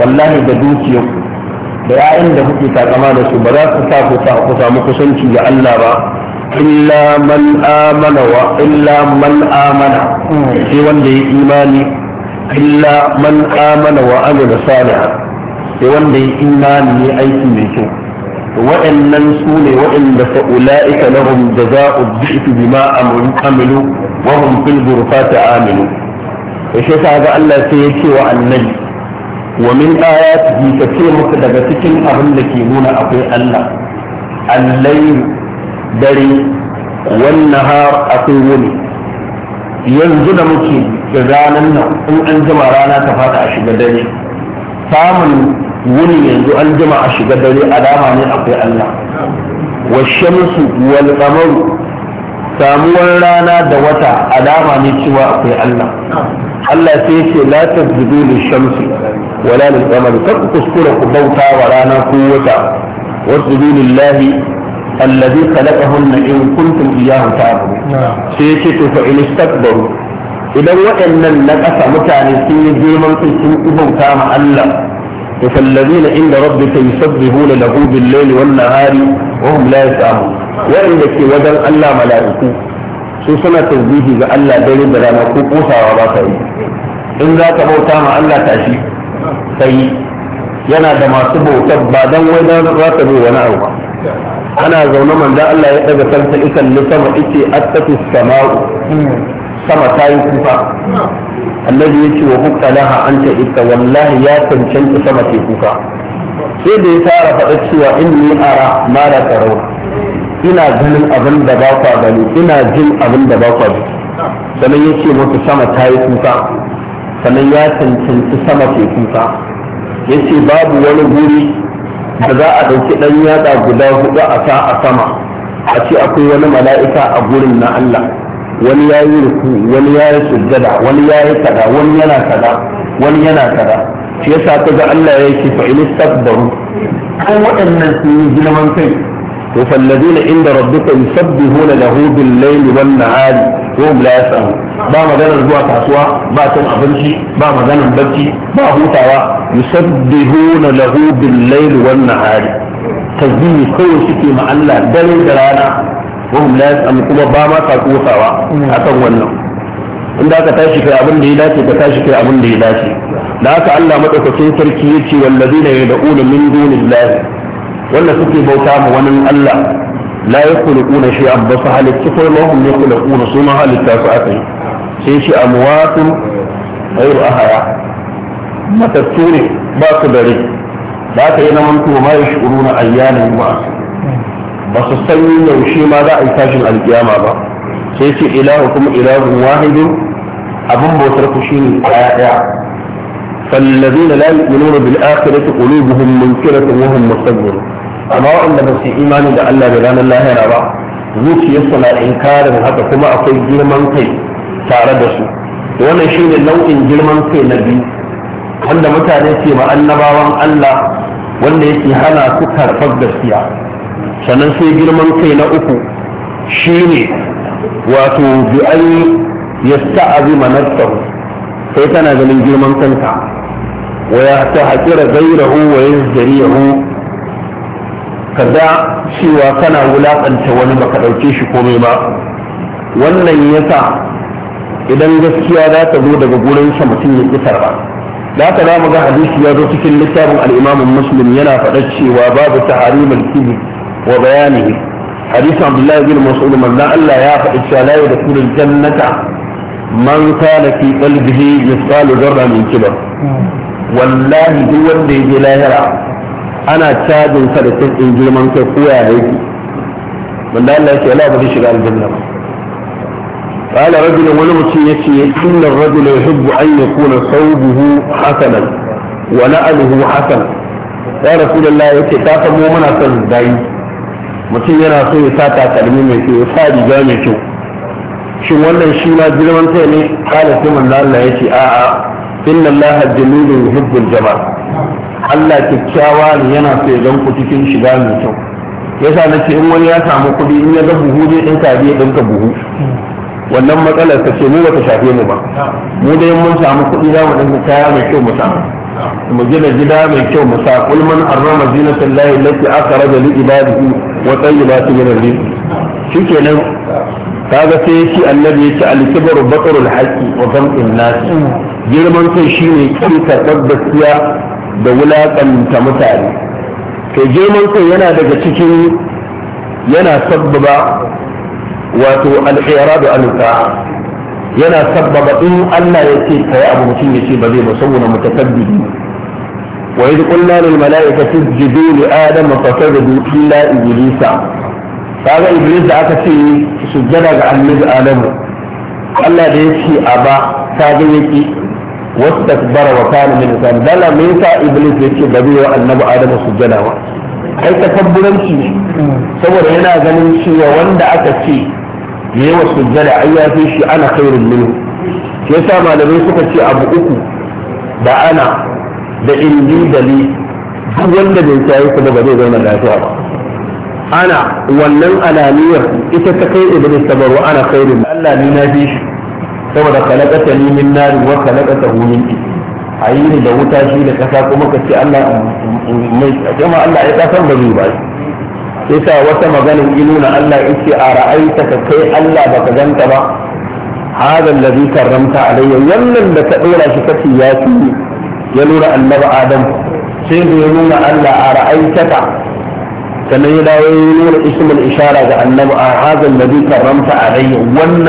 wallahi da dukiyarku da ya'yan da kuke takama da su ba za su sa ku ku samu kusanci ga Allah ba illa man amana wa illa man amana sai wanda ya imani illa man amana wa amila salihan sai wanda ya imani ne aiki mai kyau waɗannan su ne waɗanda fa'ula'ika lahum jaza'u bi'tu bima amilu wa hum fil ghurfati aminu to shi yasa ga Allah sai ya ce wa annabi wa min ayatihi ka ce muku daga cikin abin da ke nuna akwai Allah allai dare wannan har akwai wuni yanzu da muke ranar nan in an jima rana ta fada a shiga dare samun wuni yanzu an jima a shiga dare alama ne akwai Allah wa shamsu wal qamaru samuwar rana da wata alama ne cewa akwai Allah Allah sai ce la tasjudu lil shamsi wala lil qamari kar ku kuskura ku bauta wa rana ko wata wasjudu lillahi alladhi khalaqahunna in kuntum iyyahu ta'budun sai ce to fa in istakbaru idan waɗannan na ƙasa mutane sun yi girman sun bauta ma Allah فالذين عند ربك يسبحون له بالليل والنهار وهم لا يسعون وإن لك ودن أن لا ملائكو سو سنة تذبيه ذا إيه. أن لا دل دل مكو قوصا إن ذا تبوتا ما أن تأشي سي ينا دما سبو تبا دن ويدا راتبو ونعوه أنا زون من ذا أن لا يأتي بسلسة إتي أتت السماو sama ta yi kufa annabi ya ce wa hukka laha anta ita wallahi ya cancanta sama ta kufa sai da ya fara faɗa cewa in inni ara ma la tarau ina ganin abin da ba kwa gani ina jin abin da ba kwa ji sannan ya ce mutu sama ta yi kuka sannan ya cancanci sama ta kuka ya ce babu wani guri da za a ɗauki ɗan yatsa guda huɗu a sa a sama a ce akwai wani mala'ika a gurin na Allah wani ya yi ruku wani ya yi sujjada wani ya yi kaza wani yana kaza wani yana kaza shi yasa ka ga Allah ya yi fa in istakbaru ko waɗannan sun yi girman kai to fallazina inda rabbika yusabbihuna lahu bil layli wan nahari wa hum la yas'amun ba maganar zuwa kasuwa ba cin abinci ba maganar barci ba hutawa yusabbihuna lahu bil layli wan nahari tasbihi kawai suke ma Allah dare da rana wahum la yasamu kuma ba ma sa kosawa akan wannan inda aka tashi kai abin da ya dace ka tashi kai abin da ya dace da haka Allah madaukakin sarki yace wallazina yad'una min dunillahi wanda suke bauta ma wani Allah la yakhluquna shay'an ba su halittu ko lahum yakhluquna suma halitta su akai sai shi amwatun ghayru ahaya matattu ne ba su da dare da aka yi na mantuwa ma yashuruna ayyana ma'a ba su san yaushe ma za a yi tashin alkiyama ba sai ce ilahu kuma ilahun wahidin abin bautar ku shine daya daya فالذين لا يؤمنون بالآخرة قلوبهم منكرة وهم مستكبرون ba وأن بس da Allah ألا بلان lahira ba, zuciyarsu na inkarin haka kuma akwai girman kai tare da su wannan shine nau'in girman kai na biyu wanda mutane ce ma annabawan Allah wanda yake hana su karɓar gaskiya sannan sai girman kai na uku shine wato bi an yasta'azima nafsahu sai tana ganin girman kanka wa ya ta haƙira gairahu wa yazdarihu kaza cewa kana wulaƙanta wani baka ɗauke shi komai ba wannan yasa idan gaskiya za ta zo daga gurin sa mutum ya kisar ba da ka za mu ga hadisi ya zo cikin littafin al'imamin muslim yana faɗa cewa babu taharimul kibir wa bayanihi hadisin abdullahi bin mas'ud manzo Allah ya faɗi cewa la yadkhulu jannata man kana fi qalbihi mithqalu dharra min kibar wallahi duk wanda ya je lahira ana cajin sa da tsin girman kai ko ya yake manzo Allah ya ce ba shiga ba قال رجل ولمتي يتي إن الرجل يحب أن يكون ثوبه حسنا ونأله حسنا يا رسول الله يتي تاتمو من أسل داي mutum yana so ya sa takalmi mai kyau ya sa riga mai kyau shin wannan shi ma girman kai ne kala sai manzo Allah ya ce a'a inna Allah jamilun yuhibbul jamal Allah kyakkyawa ne yana so ya ganku cikin shiga mai kyau yasa nace in wani ya samu kuɗi in ya ga buhu zai ɗinka biye ɗinka buhu wannan matsalar ta ce mu ba ta shafe mu ba mu dai mun samu kuɗi za mu ɗan kaya mai kyau mu samu mu gina gida mai kyau mu sa kulman arrama zinatan lahi lati akhraja li ibadihi wa tayyibatu min ar-rizq shikenan kaga sai shi annabi ya ci alkibar kibru batrul haqqi wa ghamtun nas girman kai shine kin karbar gaskiya da wulakanta mutane to girman kai yana daga cikin yana sabbaba wato al-i'radu an yana sabbaba in Allah ya ce kai abu mutum ya ce ba zai ba saboda mutakabbiri وإذ قلنا للملائكة اسجدوا لآدم فسجدوا إلا إبليس هذا إبليس أكثر سجد عن مذ آدم الله ديسي أبا تاجيك واستكبر وكان من الإنسان بل منك إبليس ديسي بذيو النبو آدم سجد أي تكبر أنتي صور هنا غنمشي ووند أكثر يوم السجدة أي في شيء أنا خير منه يسامى لبيسك شيء أبو أكو بأنا da inji da li duk wanda bai ta yi ba ba zai zauna lafiya ba ana wannan alaniyar ita ta kai iblis ta baro ana kai khairin Allah ni na fi shi saboda kalakata ni min nari wa kalakata hu min a yi ni da wuta shi da kasa kuma ka ce Allah mai kuma Allah ya kasan ba zai ba shi sai wata maganin nuna Allah yace a ra'aita ka kai Allah baka ganta ba hada allazi karramta alayya wannan da ka dora shi kace ya fi يلور النبع آدم سيد يلور ألا أرأيتك كنه لا اسم الإشارة لأنه هذا الذي كرمت عليه ون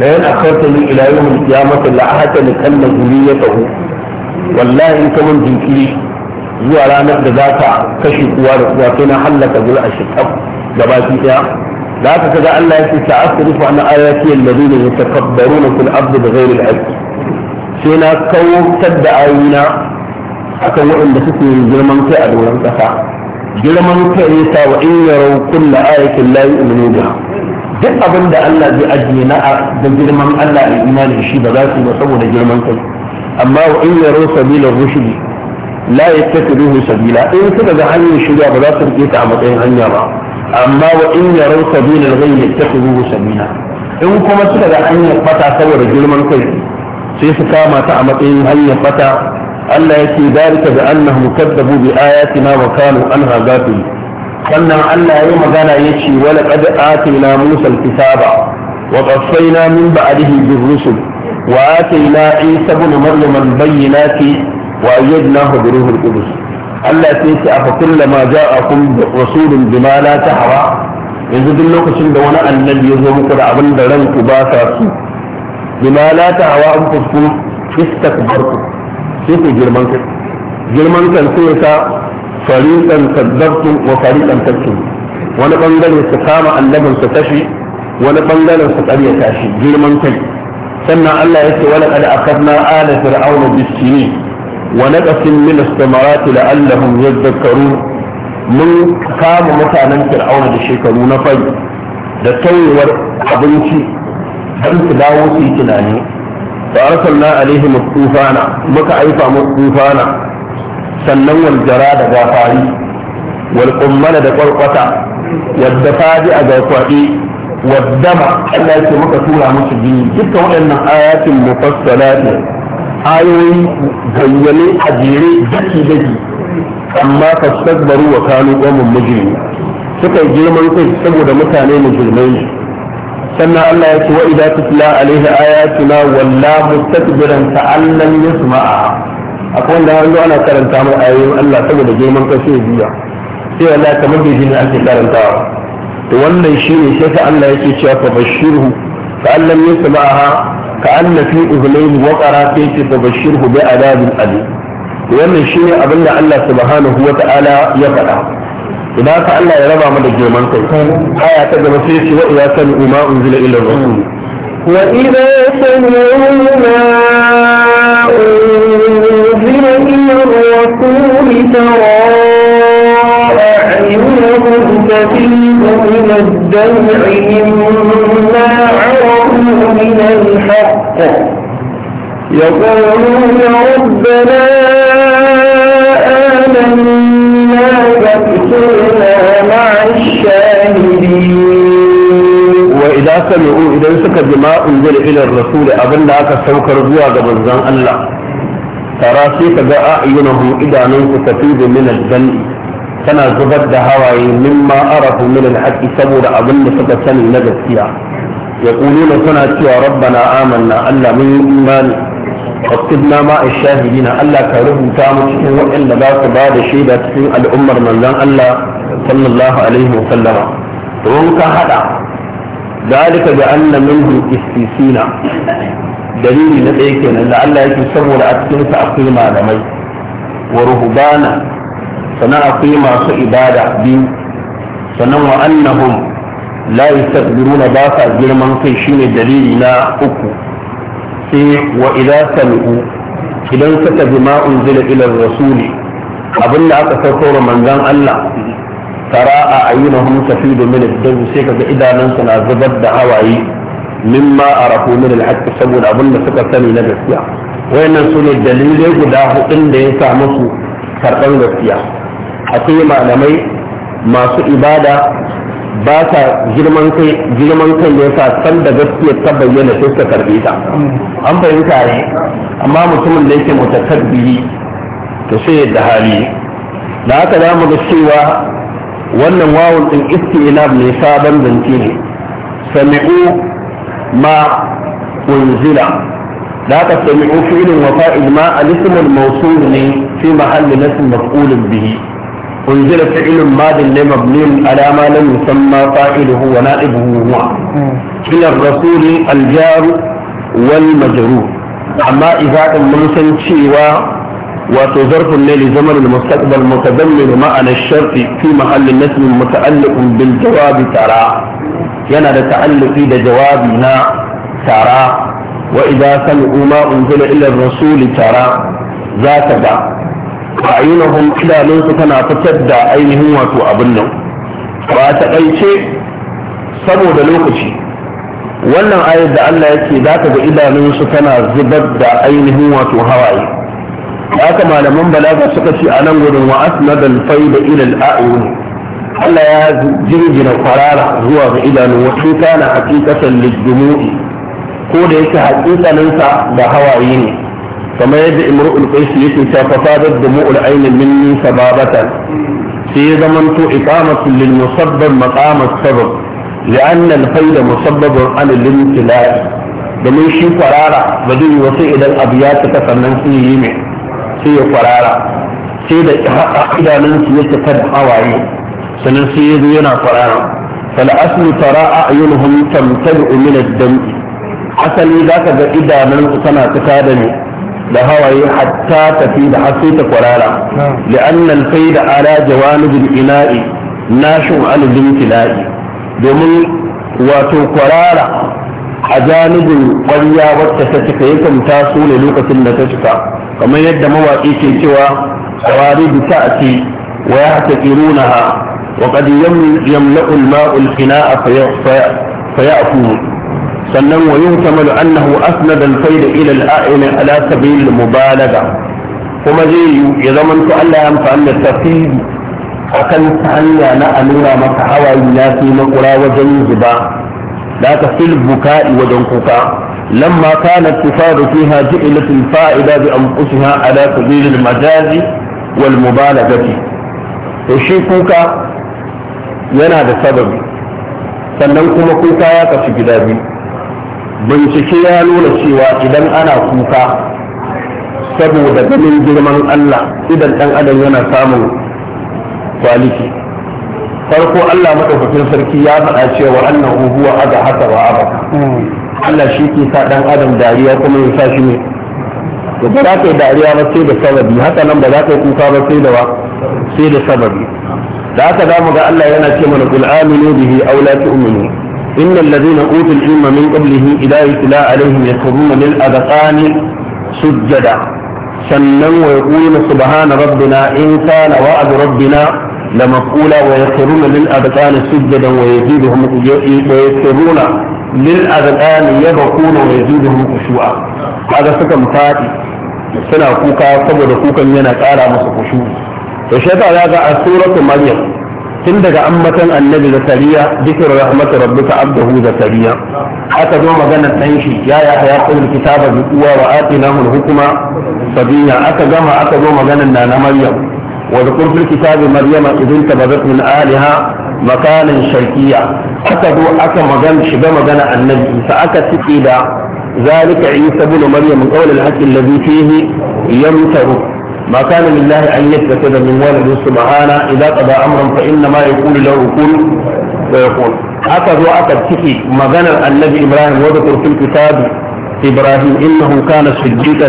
لين أخرتني إلى يوم القيامة لعهت لكل ذريته والله إن كمن ذكري زوى لا نقد ذاك كشف وكنا حلك ذو أشتب جباتي لا تتجعل لا يسعى تعصرف عن آياتي الذين يتكبرون في الأرض بغير العلم sai na kawatar da ayoyina akan waɗanda suke girman kai a doron ƙasa girman kai ne sa wa in yarau kulla ayatin la yu'minu biha duk abin da Allah zai ajiye na da girman Allah a imanin shi ba za su ba saboda girman kai amma wa in yarau sabila rushdi la yattakhidhuhu sabila in suka ga hanyar shiga ba za su rike ta a matsayin hanya ba amma wa in yarau sabila ghayr yattakhidhuhu sabila in kuma suka ga hanyar fata saboda girman kai شيخ كما تعمق هل يفتى ألا يأتي ذلك بأنهم كذبوا بآياتنا وكانوا أنها غافل قلنا ألا يوم قال يشي ولقد آتينا موسى الكتاب وقصينا من بعده بالرسل وآتينا عيسى بن مريم البينات وأيدناه بروح القدس ألا تنسي أفكل ما جاءكم رسول بما لا تحرى إذا دلوك سند وانا أن يزوم قد لنك باسا بما لا تهوى انفسكم استكبرتم سيف جرمانك جرمانك سيسا فريقا كذبتم وفريقا تكتم وانا بنجل أن اللبن ستشي وانا بنجل أن تاشي جرمانك سنة الله يسي ولقد أخذنا آل فرعون بالسنين ونقص من الثمرات لعلهم يذكرون من قام مثلا فرعون بالشيكرون فاي da tsayewar abinci har su dawo su yi tunani fa arsalna alaihim tufana muka aifa musu tufana sannan wal da gafari wal qummala da qalqata wadda fadi a wadda waddama Allah yake muka tura musu jini dukkan waɗannan ayatin mufassalati ayoyi gayyane a jere daki daki amma fastakbaru wa kanu qawmun mujrimin suka yi girman kai saboda mutane mujrimai ne سمع الله وإذا تتلى عليه آياتنا ولا مستكبرا كأن لم يسمع أقول لها أنه أنا كرمت عمو آيه وأن لا تقول لجي من قصير بيا سيئا لا تمدي جينا أنت كرمت عمو تولى الشيء شفع الله يكي فبشره فأن لم يسمعها كأن في أذنين وقرا كيش فبشره بأداب الأليم وأن الشيء أبنى الله سبحانه وتعالى يفعله إذا كان الله يرضى من الجمان آية كما في سواء يسمع ما أنزل إلى الرسول وإذا سمعوا ما أنزل إلى الرسول ترى أعينهم تفيض من الدمع مما عرفوا من الحق يقولون ربنا آمنا وإذا سمعوا إذا سكت ما أنزل إلى الرسول أبن لك سوكر زوا غبزان الله ترى سيك أعينهم إذا ننك تفيد من الدم تنا زبد هواي مما أرفوا من الحق سبور أبن سكت سني نجد فيها يقولون سنة ربنا آمنا ألا من إيمان واكتبنا مع الشاهدين الله كرهن تامتين وإن لا تباد شيدة في الأمر من ذن الله صلى الله عليه وسلم وانك هذا ذلك بأن منه استثناء دليل لديك أن الله يتسول أكثر أقوي معلمي ورهبانا سنة أقوي مع إبادة بي سنة وأنهم لا يستكبرون باسا جرمان في شين دليل لا أكو sai wa idan sami'u idan suka ji ma'un zila ilar rasuli abinda aka sauko manzan Allah tara a ayyuna hun tafi domin idan sai kaga idanansu na zubar da hawaye mimma a rafu min alhaqqi saboda abinda suka sani na gaskiya wayannan sune dalilai guda hudun da ya sa musu karban gaskiya akwai malamai masu ibada ba sa girman kai girman kai ya sa san da gaskiya ta bayyana sai ka karbe ta an fahimta ne amma mutumin da yake mutakabbiri to sai da hali da haka za mu ga cewa wannan wawun din istilab ne sabon zance ne sami'u ma unzila da haka sami'u fi'lin wa fa'il ma al-ismul mawsul ne fi mahalli nasb maf'ulun bihi أنزل فعل ماض لمبني على ما لم يسمى فاعله ونائبه هو إلى الرسول الجار والمجرور أما إذا كان منسن شيوا وتظرف الليل زمن المستقبل متضمن معنى الشرط في محل النسب متعلق بالجواب ترى ينا تعلق إذا جوابنا ترى وإذا سمعوا ما أنزل إلى الرسول ترى ila fa idanunsu tana fitar da ainihin wato abin nan ba ta ɗaice saboda lokaci wannan ayar da Allah yake za ka ga idanunsu tana zubar da ainihin wato hawaye haka malaman balaga suka ce a nan gudun wa asnadal faida ila al'ayun Allah ya jirgina kwarara zuwa ga idanu wato kana hakikatan lidumu'i ko da yake hakikaninsa da hawaye ne فما يدعي امرؤ القيس يتنسى ففادت دموع العين مني سبابة في ضمنت إقامة للمسبب مقام السبب لأن الخيل مسبب عن الامتلاء دمي شي فرارة بدي وسيء إلى الأبيات تفنن في يمع شي فرارة سيد إحدى ننس يتفد حوائي سنن سيد ينا فرارة فلأسل ترى أعينهم تمتلئ من الدم حسن ذاك بإدى ننس سنة تفادني da hawaye hatta tafi da har sai ta kwarara li'anna al-faida ala jawanibil ina'i nashun alil tila'i domin wato kwarara a janibin ƙwarya wacce ta cika yakan taso ne lokacin da ta cika kamar yadda mawaƙi ke cewa tsawari bi ta'ati wa yahtaqirunaha wa qad yamla'u al-ma'u al-qina'a fa ya'fu sannan wa yuhtamalu annahu asnada da fayd ila al-a'in ala sabil al kuma zai yi ya zaman to Allah ya amfani da tafsiri akan hanya na anura maka hawayi ya fi makura wajen zuba da aka fil buka'i wajen kuka lamma kana tifadu fiha ji'ilat faida bi anfusiha ala sabil majazi wal mubalaghati to shi kuka yana da sababi sannan kuma kuka ya kasu gida biyu bincike ya nuna cewa idan ana kuka saboda ganin girman Allah idan ɗan adam yana samun kwaliki farko Allah madaukakin sarki ya faɗa cewa annahu huwa aga haka wa Aba. Allah shi ke sa ɗan adam dariya kuma ya sa shi ne da ba za ka yi dariya ba sai da sababi haka nan ba za ka yi kuka ba sai da wa sai da sababi da haka za mu ga Allah yana ce mana kul aminu bihi aw la tu'minu إن الذين أوتوا العلم من قبله إذا يتلى عليهم يكفرون للأذقان سجدا سنا ويقولون سبحان ربنا إن كان وعد ربنا لمقولا ويكفرون للأذقان سجدا ويزيدهم ويكفرون للأذقان يبقون ويزيدهم خشوعا هذا سكم فاتي سنة كوكا قبل كوكا ينا مصر مسخشوع فشفع هذا سورة مريم tun daga ammatan annabi zakariya dikir rahmatu rabbuka abdahu zakariya aka zo magana dan shi ya ya ya qul kitaba bi quwa wa atinahu al-hukma sabiya aka gama aka zo magana na na maryam wa zakur fil kitabi maryama idin tabadat min aliha makanan sharqiyya aka zo aka magana shiga magana annabi isa aka tike da zalika isa ibn maryam qawl al-haqq alladhi fihi yamtaru ما كان لله أن يتخذ من والده سبحانه إذا قضى أمرا فإنما يقول له كن فيقول أكد وأكد تكي مغنى الذي إبراهيم وذكر في الكتاب إبراهيم إنه كان صديقا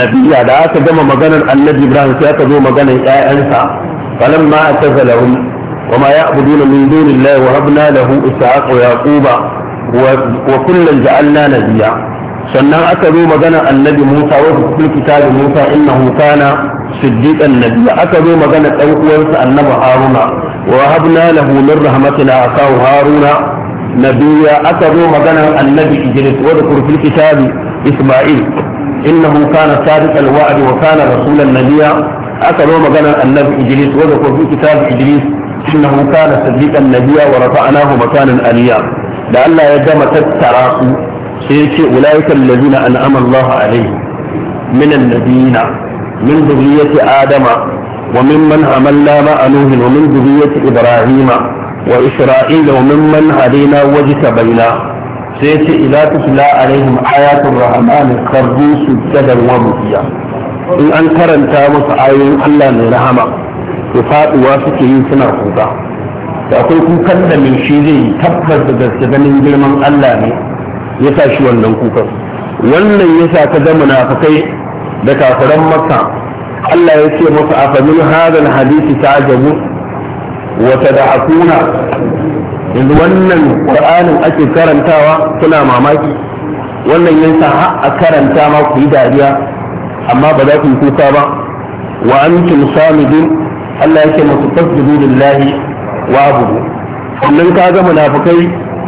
نبيا دا أكد مغنى الذي إبراهيم سيأكد مغنى أنسى فلما اعتزلهم وما يعبدون من دون الله وهبنا له إسحاق ويعقوب وكلا جعلنا نبيا sannan aka zo magana annabi Musa wa fil kitabi Musa innahu kana siddiqan nabiyya aka zo magana dan uwansa annabi Haruna wa habna lahu min rahmatina akahu Haruna nabiyya aka zo magana annabi Idris wa dhkur fil kitabi Isma'il innahu kana sadiqal wa'd wa kana rasulan nabiyya aka zo magana annabi Idris wa dhkur fil kitabi Idris innahu kana siddiqan nabiyya wa rafa'nahu makanan aliyya da Allah ya gama tattara su sai ce ulaiikal ladina an'ama Allah alaihim min annabiyina min dhurriyyati adama wa mimman amalna a nuhin wa min dhurriyyati ibrahima wa isra'ila wa mimman hadina wajtabaina sai yace idza tutla alaihim ayatul rahman su sujadan wa bukiya in an karanta musu ayoyin Allah mai rahama to faduwa suke yi suna kuka da akwai kukan da mai shi zai tabbas da ganin girman Allah ne ya sa shi wannan kukan wannan ya sa ka ga munafikai da kafiran maka Allah ya ce musu a famin hadin hadisi ta ajabu wata da akuna yanzu wannan qur'anin ake karantawa kuna mamaki wannan ya sa har a karanta ma ku yi dariya amma ba za ku yi kuka ba wa an antum samidun Allah ya ce musu tasjudu lillahi wa abudu sannan ka ga munafikai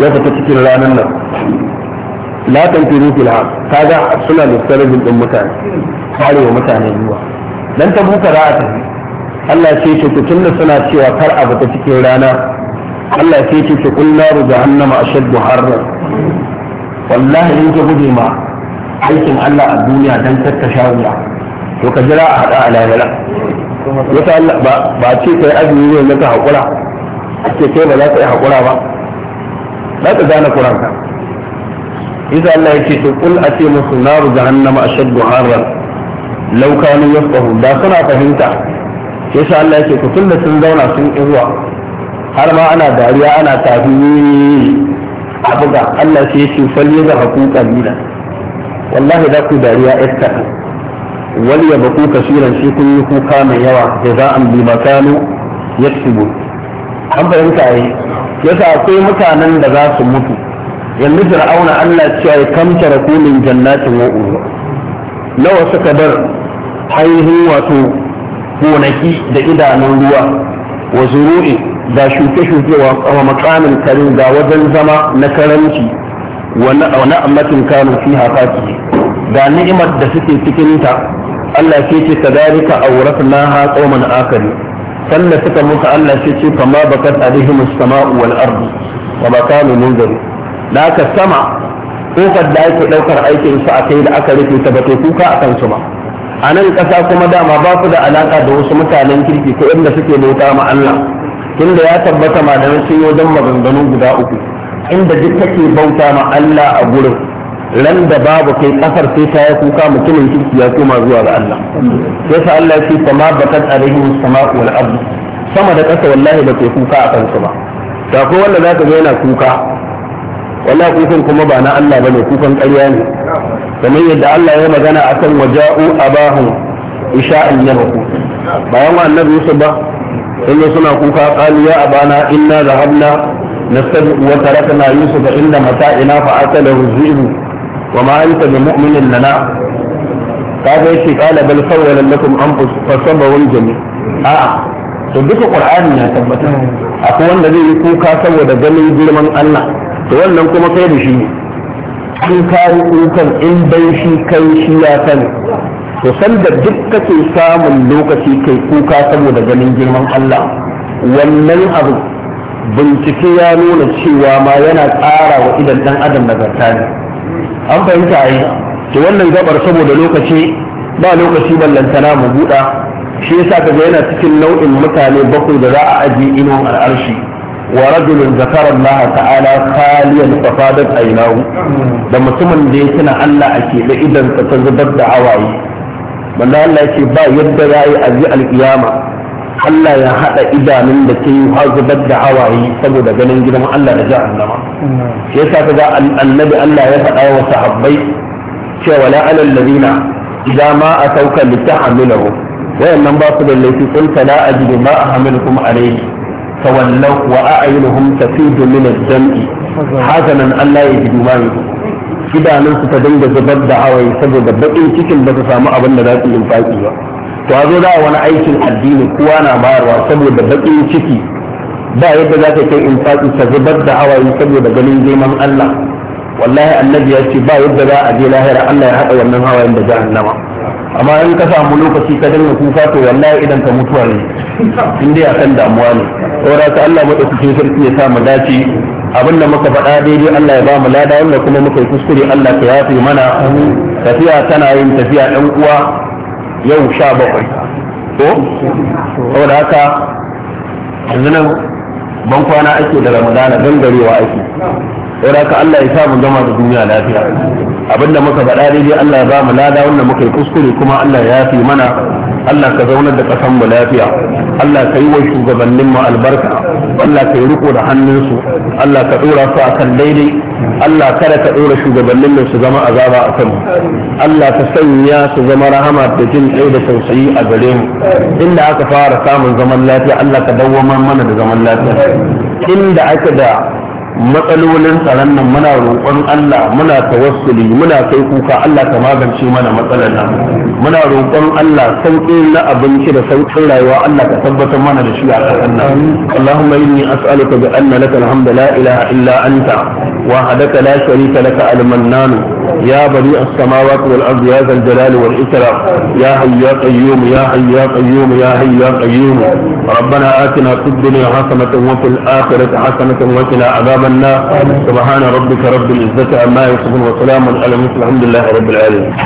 ya fita cikin ranar nan la tanfiru fil har kaga suna listarajin din mutane kare wa mutane yiwa dan ta buka za a Allah ya ce ku tunda suna cewa kar a fita cikin rana Allah ya ce ku kullu naru jahannama ashaddu harra wallahi in ka guje ma aikin Allah a duniya dan takkasha wuya to ka jira a hada alayala wata Allah ba ce kai azumi ne maka hakura ake kai ba za ka yi hakura ba za ka gane kuranka idan Allah ya ce to kul a ce musu naru jahannama ashaddu harran law kanu yafqahu da suna fahimta sai sa Allah ya ce ku tunda sun zauna sun irwa har ma ana dariya ana tafi a buga Allah sai ya ce fal ya yaza haku qalila wallahi za ku dariya iska Wani ya baku kasiran shi kun yi kuka mai yawa jaza'an bi makanu yaksubu an fahimta yi. yasa akwai mutanen da za su mutu yanzu fir'auna Allah cewa ya kamta rakumin jannatin wa uwa nawa suka bar haihun wato gonaki da idanun ruwa wa zuru'i da shuke-shuke wa makamin karin ga wajen zama na karanci wa na'amatin kanu fi hafaki ga ni'imar da suke cikinta Allah ke ce kadalika auratnaha qauman akari sanda suka muka Allah sai ce fama bakat alaihim as-sama'u wal ardu wa ma kanu munzari da aka sama kofar da ake daukar aikin su akai da aka rufe ta ta kuka akan su ba a nan ƙasa kuma dama ba ku da alaka da wasu mutanen kirki ko inda suke bauta ma Allah tunda ya tabbata da sun yi wajen maganganu guda uku inda duk kake bauta ma Allah a gurin ran da babu kai kasar sai ta yi kuka mutumin kirki ya koma zuwa ga Allah sai sa Allah ya ce sama bakat alaihi sama'u wal ard sama da kasa wallahi ba kai kuka a kansu ba da ko wanda zaka ga yana kuka wallahi kukan kuma ba na Allah bane kukan ƙarya ne kamar yadda Allah ya magana akan waja'u abahum isha'an yahu bayan wa annabi Yusuf ba sun suna kuka qalu ya abana inna zahabna nastabi wa tarakna yusufa inda mata'ina fa akalahu dhi'bu wa ma anta bi mu'minin lana kaga yace qala bal sawwalan lakum anfus fasabrun jami a to duka qur'ani ya tabbata akwai wanda zai yi kuka saboda ganin girman Allah to wannan kuma kai shi ne an kukan in bai shi kai shi ya sani to sanda duk kake samun lokaci kai kuka saboda ganin girman Allah wannan abu bincike ya nuna cewa ma yana tsara wa idan dan adam nagarta ne an fahimta a yi to wannan gabar saboda lokaci ba lokaci ballantana mu buɗa shi yasa kaga yana cikin nau'in mutane bakwai da za a aji inuwan al'arshi wa rajulun zakara Allah ta'ala khaliyan fafadat aynahu da mutumin da ya tuna Allah a keɓe idan ta zubar da hawaye manzo Allah yake ba yadda za a yi alƙiyama Allah ya haɗa idanun da ke ha zubar da hawaye saboda ganin girman Allah da jahannama shi yasa kaga annabi Allah ya faɗa wa sahabbai cewa la alal ladina idza ma atauka litahmiluhu wayannan ba su da laifi kun la ajidu ma ahmilukum alayhi tawallaw wa a'yunuhum tafidu min ad-dam'i hazanan Allah yajidu ma idanun su ta dinga zubar da hawaye saboda bakin cikin ba su samu abin da za su yi faki ba to a zo za a wani aikin addini kowa na bayarwa saboda baƙin ciki ba yadda za ka kai in faɗi ta zubar da hawaye saboda ganin girman Allah wallahi annabi ya ce ba yadda za a je lahira Allah ya haɗa wannan hawayen da jahannama amma in ka samu lokaci ka dinga kuka to wallahi idan ka mutuwa ne in dai akan damuwa ne saboda ta Allah madaukakin sarki ya sa mu dace abin da muka faɗa daidai Allah ya ba mu lada wanda kuma muka yi kuskure Allah ka yafe mana tafiya tana yin tafiya ɗan uwa yau sha bakwai ko saboda haka yanzu nan ban kwana ake da ramadana garewa ake saboda haka Allah ya sa mu zama da duniya lafiya abinda muka faɗa daidai Allah ya ba mu lada wanda muka yi kuskure kuma Allah ya fi mana Allah ka zaunar da ƙasar mu lafiya Allah ka yi wa shugabannin mu albarka Allah ka yi riko da hannunsu Allah ka ɗora su kan daidai Allah kada ka ɗora shugabannin mu su zama azaba a kanmu Allah ka sanya su zama rahama da jin ɗaya da tausayi a gare mu inda aka fara samun zaman lafiya Allah ka dawwamar mana da zaman lafiya inda aka da matsalolin tsaron nan muna roƙon Allah muna tawassuli muna kai kuka Allah ta magance mana matsalar nan muna roƙon Allah sauƙin na abinci da sauƙin rayuwa Allah ka tabbatar mana da shi a ƙasar nan Allahumma inni as'aluka bi anna laka alhamdu la ilaha illa anta wa hadaka la sharika laka al-mannan يا بني السماوات والأرض يا ذا الجلال والإكرام يا حي يا قيوم يا حي يا قيوم يا حي يا قيوم ربنا آتنا في الدنيا حسنة وفي الآخرة حسنة وقنا عذاب النار سبحان ربك رب العزة عما يصفون وسلام على المسلمين الحمد لله رب العالمين